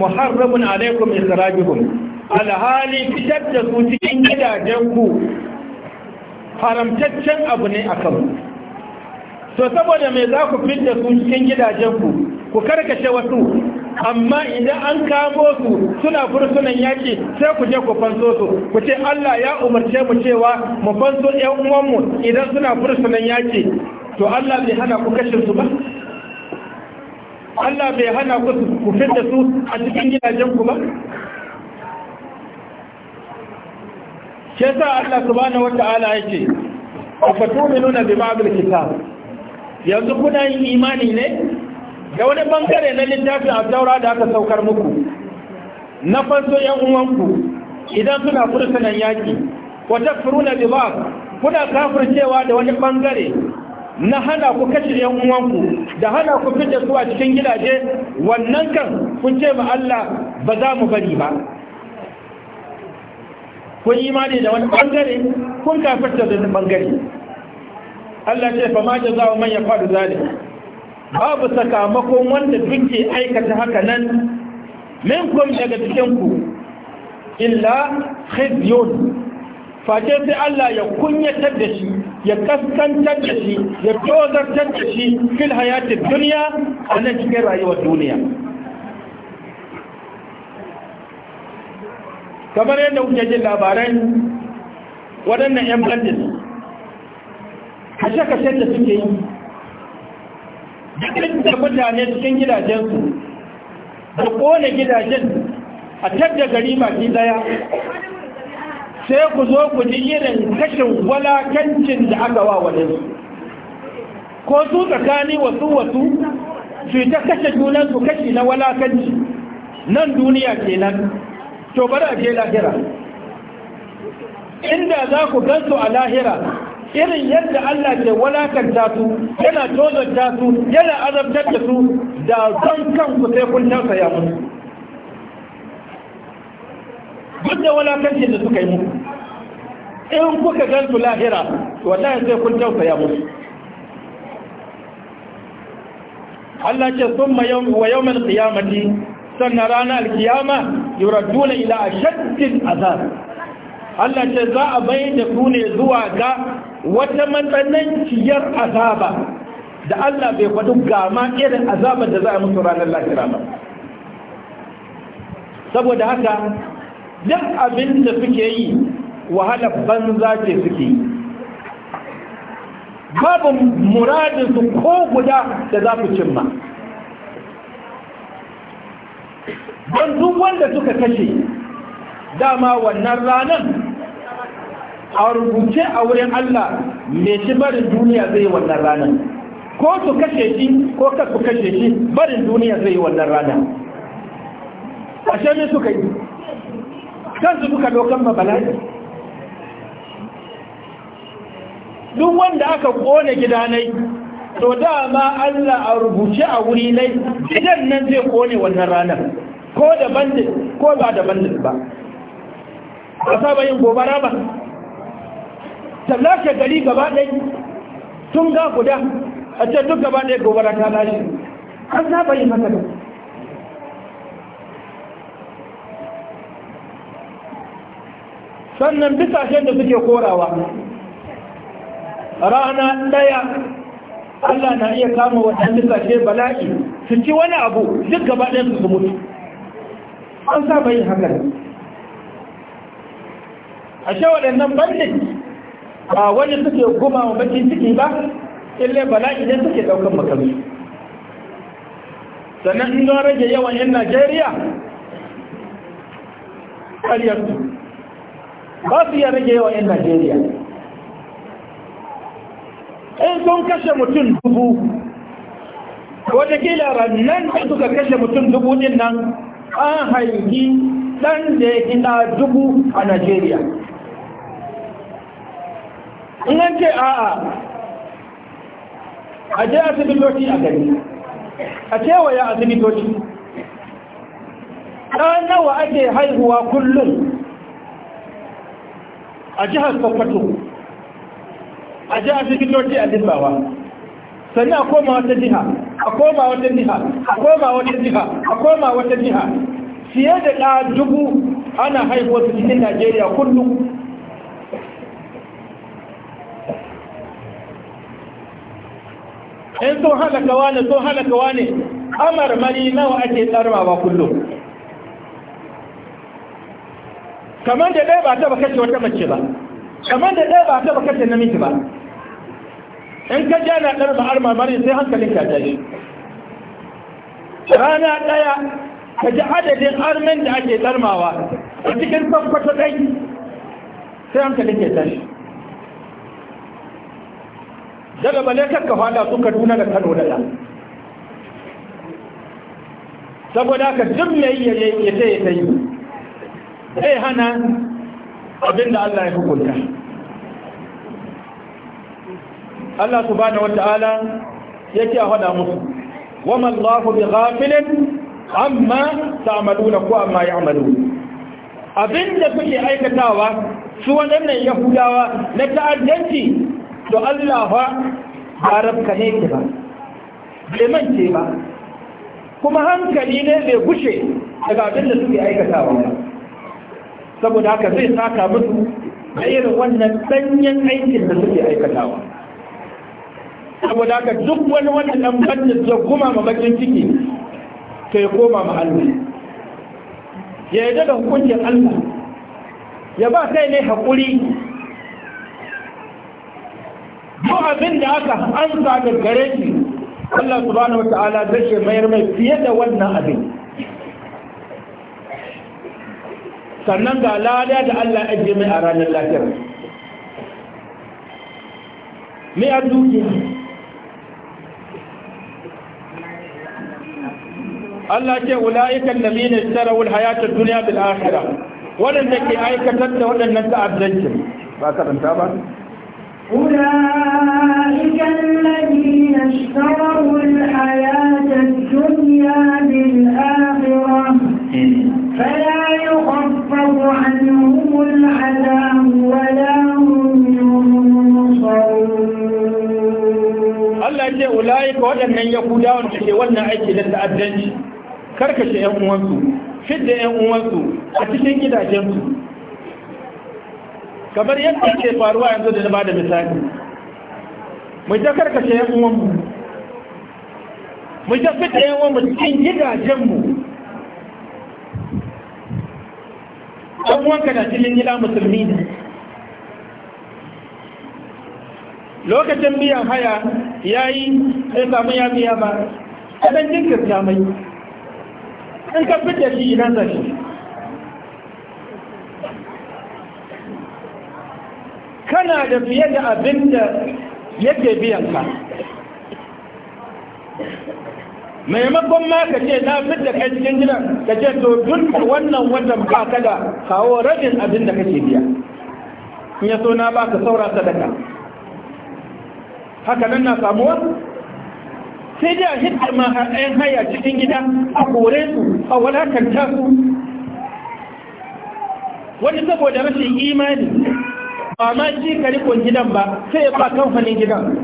muharramun alaikum isra'ihum alhali fitar da su cikin gidajenku haramtaccen abu ne a kan so saboda mai za ku fit da su cikin gidajenku ku karkace wasu amma idan an kamo su suna fursunan yaki sai ku je ku fanso su ku ce Allah ya umarce mu cewa mu fanso ɗan uwanmu idan suna fursunan yaki to Allah bai hana ku kashe su ba Allah bai hana ku ku da su a cikin gidajenku ba shi sa Allah subhanahu wata'ala yake bi ba'd al kitab yanzu kuna yin imani ne ga wani bangare na littafin a taura da aka saukar muku na fanso yan uwanku idan suna fursunan yaki wa takfuruna bi ba'd kuna kafircewa da wani bangare na hana ku kashe yan uwanku da hana ku fice su a cikin gidaje wannan kan kun ce ma Allah ba za mu bari ba kun imani da wani bangare kun kafirta da bangare Allah ce fa ma jazaa'u man yaqulu zalik babu sakamakon wanda duke aikata haka nan kun daga cikin ku illa khizyun face sai Allah ya kunyatar da shi ya kaskantar da shi ya tozartar da shi fil hayatid dunya a nan cikin rayuwar duniya kamar yadda kuke jin labaran waɗannan 'yan bandit kashe-kashe da suke yi duk da mutane cikin gidajensu da ƙone gidajen a da gari masu daya sai ku zo ku ji irin kashin walakancin da aka wa wadansu ko su tsakani wasu wasu su yi ta kashe junansu kashi na walakanci nan duniya kenan to bari a je lahira inda za ku gansu a lahira irin yadda Allah ke walakanta su yana tozonta su yana azabtar da su da don kanku sai kun tausaya musu duk da walakancin da suka yi muku in kuka gansu lahira wallahi sai kun tausaya musu Allah ce sun wa yawmin qiyamati sannan ranar alkiyama yuraduna ila ashaddil azab Allah ce za a bai da ku ne zuwa ga wata matsananciyar azaba da Allah bai faɗi gama irin azabar da za a mutu ranar lahira ba saboda haka duk abin da suke yi wahala banza ce suke yi babu muradinsu ko guda da za ku cimma don duk wanda suka kashe dama wannan ranar a rubuce a wurin Allah mai shi barin duniya zai wannan ranar ko su kashe shi ko ka su kashe shi barin duniya zai wannan ranar a shani suka yi kansu suka dokan mabala'i duk wanda aka kone gidanai to dama Allah a rubuce a wuri nai gidan nan zai kone wannan ranar ko da bandit ko ba da bandit ba ba saba yin gobara ba tallashe gari gaba ɗaya tun ga guda a ce duk gaba ɗaya gobara ta lashe an saba yin haka sannan bisashen da suke korawa rana ɗaya Allah na iya kama bisa bisashe bala'i su ci wani abu duk gaba ɗaya su mutu an saba yin hakan ashe waɗannan bandit ba wani suke goma wa bakin ciki ba ille bala idan suke ɗaukan makamu sannan in don rage yawan 'yan najeriya ƙaryarsu ba su iya rage yawan 'yan najeriya in sun kashe mutum dubu watakila rannan da suka kashe mutum dubu din nan an haifi ɗan da ya ina dubu a Najeriya. In an ce a'a, a je asibitoci a gani, a ya asibitoci. Ɗan nawa ake haihuwa kullum a jihar Sokoto, a je asibitoci a Lissawa. sannan a koma wata jiha a koma wata jiha a koma wata jiha a koma wata jiha fiye da ɗa dubu ana haihuwa su cikin najeriya kullum in sun halaka wane sun halaka wane amar mani nawa ake ba kullum kamar da ɗaya ba ta ba kashe wata mace ba kamar da ɗaya ba ta ba kashe namiji ba in ka ja na ɗan ma'ar mamari sai hankalin ka tashi rana ɗaya ka ji adadin armen da ake ɗarmawa a cikin kwakwato ɗai sai hankalin ka tashi daga bale ka fada su kaduna da kano da saboda ka duk mai ya ce ya ta yi zai hana abin da allah ya hukunta Allah subhanahu wata'ala yake a hada musu wa man Allahu bi ghafilin amma ta'maluna ko amma ya'maluna abinda kuke aikatawa su waɗannan yahudawa na ta'addanci to Allah fa arabka ne ke ba bai mance ba kuma hankali ne bai gushe daga abinda suke aikatawa ba saboda haka zai saka musu da irin wannan sanyin aikin da suke aikatawa saboda haka duk wani wanda dan ya zai koma ma bakin ciki to ya koma ma Allah ya yarda da hukuncin Allah ya ba kai ne hakuri duk abin da aka ansa da gare shi Allah subhanahu ta'ala, zai mayar mai fiye da wannan abin sannan ga lada da Allah ajiye mai a ranar lafiyar mai a dukiya Allah ce ula'ikan ladina ishtaraw al-hayata ad-dunya bil akhirah wadanda ke aikatar da wadannan ta'addancin ba karanta ba أولئك الذين اشتروا الحياة الدنيا بالآخرة فلا يخفف عنهم العذاب ولا ce ulayi ka waɗannan yahudawan da ke wannan aiki da ta'addanci karkashe yan uwansu da yan uwansu a cikin gidajensu kamar yadda ke faruwa yanzu da na ba da misali mu ta karkashe yan uwanmu mu ta da yan uwanmu cikin gidajenmu ɗan uwanka na cikin gida musulmi ne lokacin biyan haya ya yi sai samu ya biya ba a ɗan jinkirta mai in ka da shi idan zai kana da fiye da abin da yake biyan ka maimakon ma ka ce na fi da kai cikin gidan ka ce to duk wannan wannan ba ka da kawo rabin abin da kake biya in ya so na ba ka saura sadaka haka nan na samuwa sai dai a hidda ma ɗayan haya cikin gida a kore su a walakanta su wani saboda rashin imani ba ma shi karikon gidan ba sai ya ba kamfanin gidan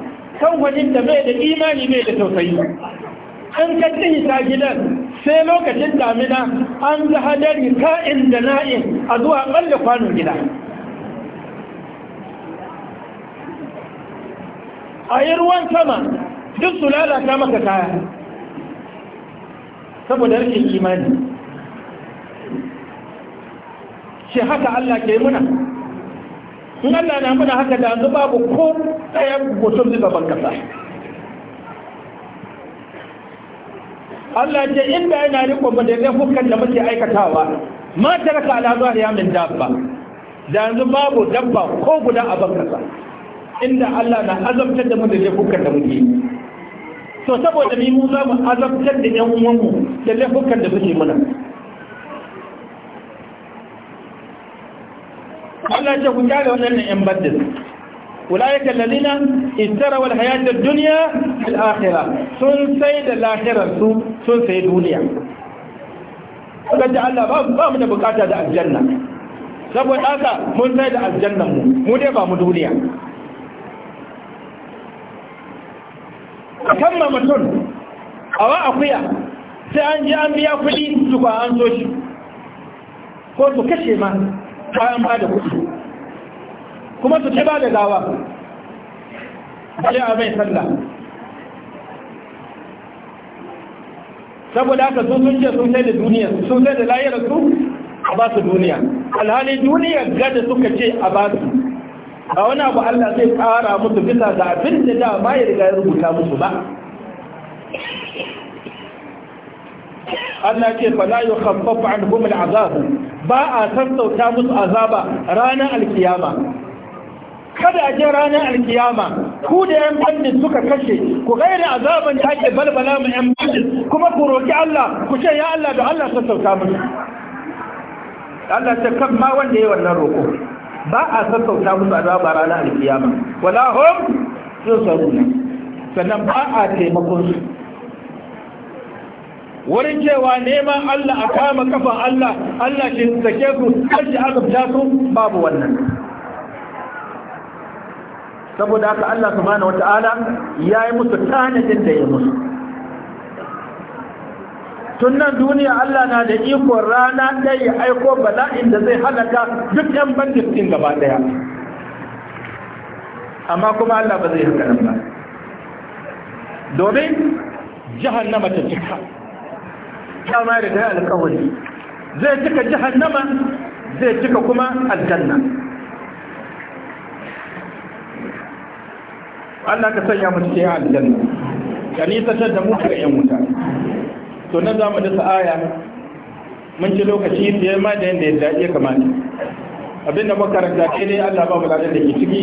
kamfanin da bai da imani bai da tausayi an kaddi ta gidan sai lokacin damina an ga hadari ka'in da na'in a zuwa ɓalle kwanon gida a yi ruwan sama duk su lalata maka kaya saboda rikin imani shi haka Allah ke muna in Allah na muna haka da yanzu babu ko ɗaya mutum zuba ban kasa Allah ce inda yana riko mu da laifukan da muke aikatawa ma taraka ala ya min dabba da yanzu babu dabba ko guda a ban kasa inda Allah na azabtar da mu da laifukan da muke to saboda ni mu za mu azabtar da yan uwanmu da laifukan da muke muna, Allah ya ku kyale wannan yan baddin أولئك الذين اشتروا الحياة الدنيا في الآخرة سن سيد الآخرة سن سيد دنيا فقد جعلنا ما من بكاتا الجنة سبو da من سيد الجنة مو دي دنيا a kama mutum a wa akuya sai an ji an biya kuɗi su ba an zo shi ko su kashe ma bayan ba da kuɗi kuma su ce ba da gawa sai a mai sallah saboda haka sun sun ce sun sai da duniya sun sai da layar su a ba su duniya alhali duniya gada suka ce a ba su a wani abu Allah zai ƙara musu bisa ga abin da da ba ya riga ya rubuta musu ba Allah ce fa la yukhaffaf anhum al'azab ba a sassauta musu azaba ranar alkiyama kada a je ranar alkiyama ku da yan bandin suka kashe ku gaira azaban da ake balbala mu yan bandin kuma ku roki Allah ku ce ya Allah da Allah sassauta musu Allah ta kan ma wanda yayi wannan roko ba a sassauta musu azaba ranar alkiyama wala hum yusaruna sannan ba a taimakon su wurin cewa neman Allah a kama kafan Allah Allah shi sake su kashi azabta su babu wannan saboda haka Allah subhanahu wata'ala ya yi musu tanadin da ya musu tun nan duniya Allah na da iko rana ɗaya ya aiko bala'in da zai halaka duk ɗan bandit ɗin gaba ɗaya amma kuma Allah ba zai haka nan ba domin jahannama ta cika kyama da ta yi alkawari zai cika jahannama zai cika kuma aljanna Allah ka sanya mu cikin aljanna ka nisantar da mu daga yan wuta to nan za mu dasa aya mun ci lokaci da ma da yadda yadda ya kamata abin da karanta kai ne Allah ba mu da ke ciki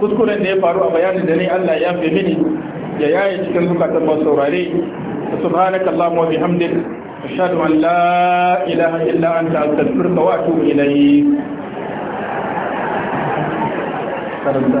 kuskuren da ya faru a bayanin da ne Allah ya fi mini ya yaye cikin zukatan masu saurare subhanaka allahumma wa bihamdik ashhadu an la ilaha illa anta astaghfiruka wa atubu ilayk karanta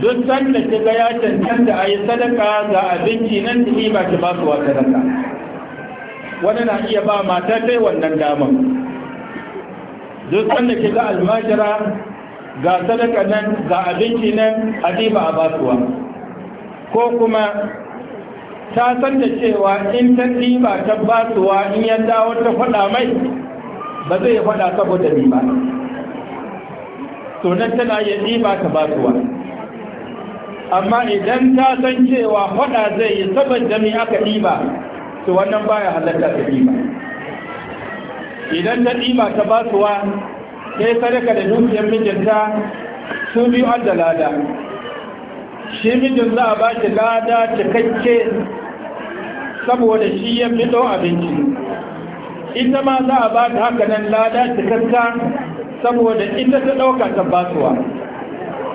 duk sanda ta ga ya cancanta a yi sadaka ga abinci nan da ba ta ba su wa sadaka wani na iya ba mata kai wannan damar duk sanda ta ga almajira ga sadaka nan ga abinci nan a ba a basuwa ko kuma ta san da cewa in ta ɗiba ta basuwa in ya dawo ta faɗa mai ba zai faɗa saboda ni ba to tana iya ɗiba ta basuwa amma idan ta san cewa faɗa zai yi saboda me aka ɗiba to wannan baya halatta ta ɗiba idan ta ɗiba ta basuwa sai sadaka da dukiyar mijinta su biyu an da lada shi mijin za a ba shi lada cikakke saboda shi ya don abinci ita ma za a ba ta haka nan lada cikakka saboda ita ta ɗauka ta basuwa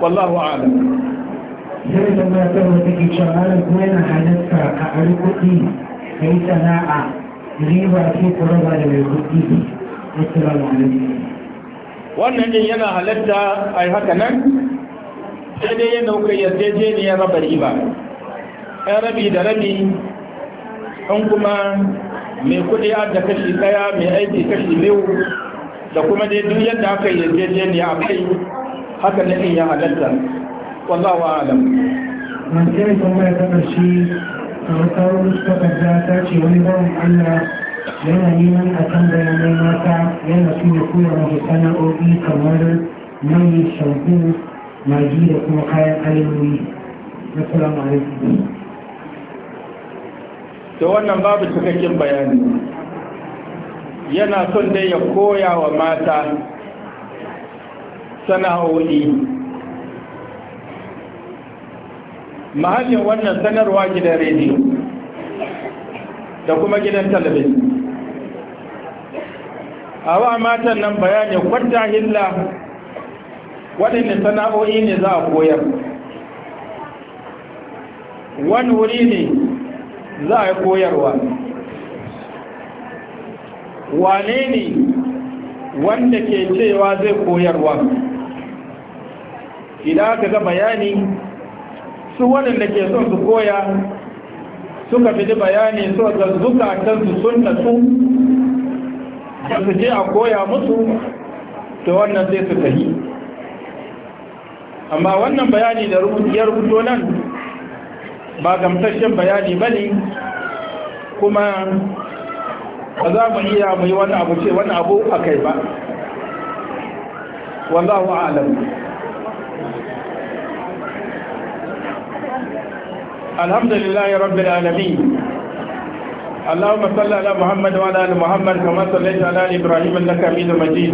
wallahu a'lam sai da mata wata ke cewa kuma yana halatta ka ari kuɗi ka sana'a riba ce ku raba da mai kuɗi assalamu alaikum wannan din yana halatta ai haka nan sai dai yadda ne ya raba riba ɗan rabi da rabi an kuma mai kudi da kashi daya mai aiki kashi biyu da kuma dai duk yadda aka ne a kai haka na ya halatta wallahu alam man kai kuma ya kama shi a wata takarda ta ce wani bawan Allah yana neman a kan bayanai mata yana su da koya masu sana'o'i kamar mai shanku magi da kuma kayan alayoyi assalamu alaikum Da wannan babu cikakken bayani yana son dai ya koya wa mata sana'o'i mahallin wannan sanarwa gidan rediyo da kuma gidan talabijin a wa matan nan bayani kwanta hilla waɗanne sana'o'i ne za a koyar wani wuri ne za a koyarwa wane ne wanda ke cewa zai koyarwa idan aka ga bayani su waɗanda ke son su koya suka fi bayani su a zazzuka ga su sun tasu da su je a koya musu to wannan sai su tahi amma wannan bayani da ya rubuto nan ba gamsashen bayani ba ne kuma ba za mu iya mu yi wani abu ce wani abu a kai ba wallahu a'lam alhamdulilahi rabbil alamin allahumma salli ala muhammad wa ala ali muhammad kama sallaita ala ibrahim innaka hamidum majid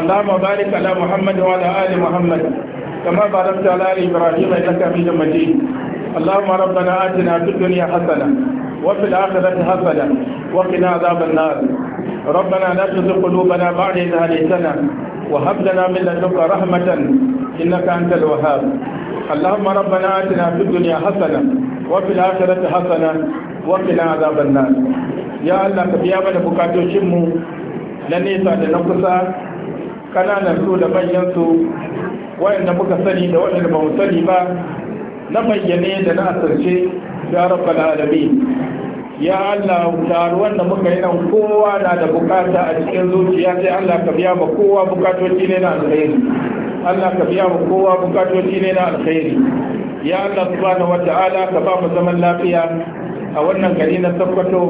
allahumma barik ala muhammad wa ala ali muhammad kama barakta ala ali ibrahim innaka hamidum majid اللهم ربنا آتنا في الدنيا حسنة وفي الآخرة حسنة وقنا عذاب النار ربنا لا تزغ قلوبنا بعد إذ هديتنا وهب لنا من لدنك رحمة إنك أنت الوهاب اللهم ربنا آتنا في الدنيا حسنة وفي الآخرة حسنة وقنا عذاب النار يا الله كبيا من بكاتو شمو لنيسا لنقصا kananan su da manyan su wayanda muka sani da wayanda ba sani ba na bayyane da na asirce ya rabbal alamin ya Allah taruwan da muka yi nan kowa na da bukata a cikin zuciya sai Allah ka biya ma kowa bukatoci ne na alheri Allah ka biya mu kowa bukatoci ne na alkhairi ya Allah subhanahu ta'ala ka ba mu zaman lafiya a wannan gari na Sokoto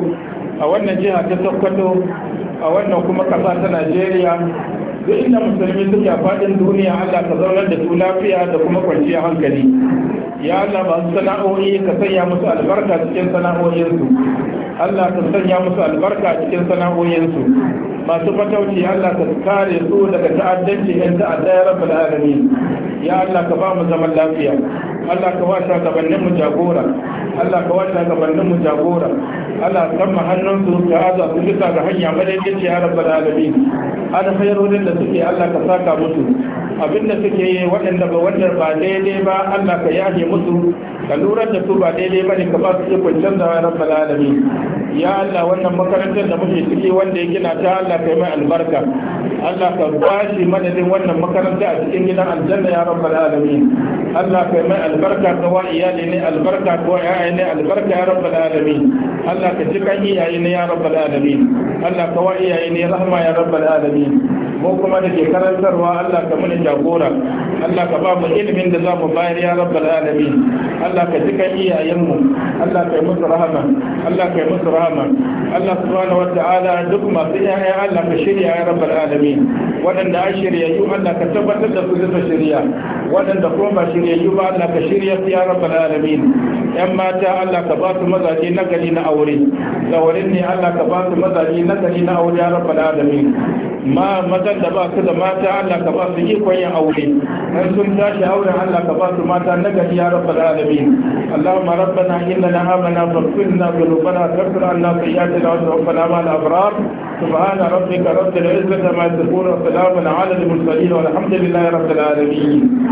a wannan jiha ta Sokoto a wannan kuma kasa ta Najeriya duk inda musulmi suke a faɗin duniya Allah ka zaunar da su lafiya da kuma kwanciyar hankali ya Allah masu sana'o'i ka sanya musu albarka cikin sana'o'insu Allah ka sanya musu albarka cikin sana'o'insu masu fatauci Allah ka kare su daga ta'addanci yan ta'adda ya rabbal alamin ya Allah ka ba mu zaman lafiya Allah ka wa shugabannin mu jagora Allah ka wa shugabannin mu jagora Allah ka mu hannun su ka aza su duka ga hanya madaidaiciya ya rabbal alamin da suke Allah ka saka musu abinda suke yi waɗanda ba wanda ba daidai ba Allah ka yaje musu ka lura da su ba daidai ba ne ka ba su ikon canza rabbal alamin ya Allah wannan makarantar da muke ciki wanda ya gina ta Allah ka yi mai albarka Allah ka bashi madadin wannan makaranta a cikin gidan aljanna ya rabbal alamin Allah ka yi mai albarka ka wa iyali ne albarka ka wa yayi ne albarka ya rabbal alamin Allah ka ji kan iyaye ne ya rabbal alamin Allah ka wa iyaye ne rahma ya rabbal alamin mu kuma da ke karantarwa Allah ka muni jagora Allah ka ba mu ilimin da za mu bayar ya rabbal alamin Allah ka jikan iyayenmu Allah ka yi musu rahama Allah ka yi musu rahama Allah subhanahu wa ta'ala duk masu iyaye Allah ka shirya ya rabbal alamin waɗanda an shirya yu Allah ka tabbatar da su bisa shirya waɗanda kuma ba shirya yi ba Allah ka shirya su ya rabbal alamin yan mata Allah ka ba su mazaje na gari na aure da wurin ne Allah ka ba su mazaje na gari na aure ya rabbal alamin ما مدن دبا كذا ما تعالى كبا في كوني أولي من سن تاش أولي حالا كبا سما تعالى يا رب العالمين اللهم ربنا إننا آمنا فاغفرنا ذنوبنا تغفر عنا سيئات العزة ربنا مع الأبرار سبحان ربك رب العزة ما يصفون وسلام على المرسلين والحمد لله رب العالمين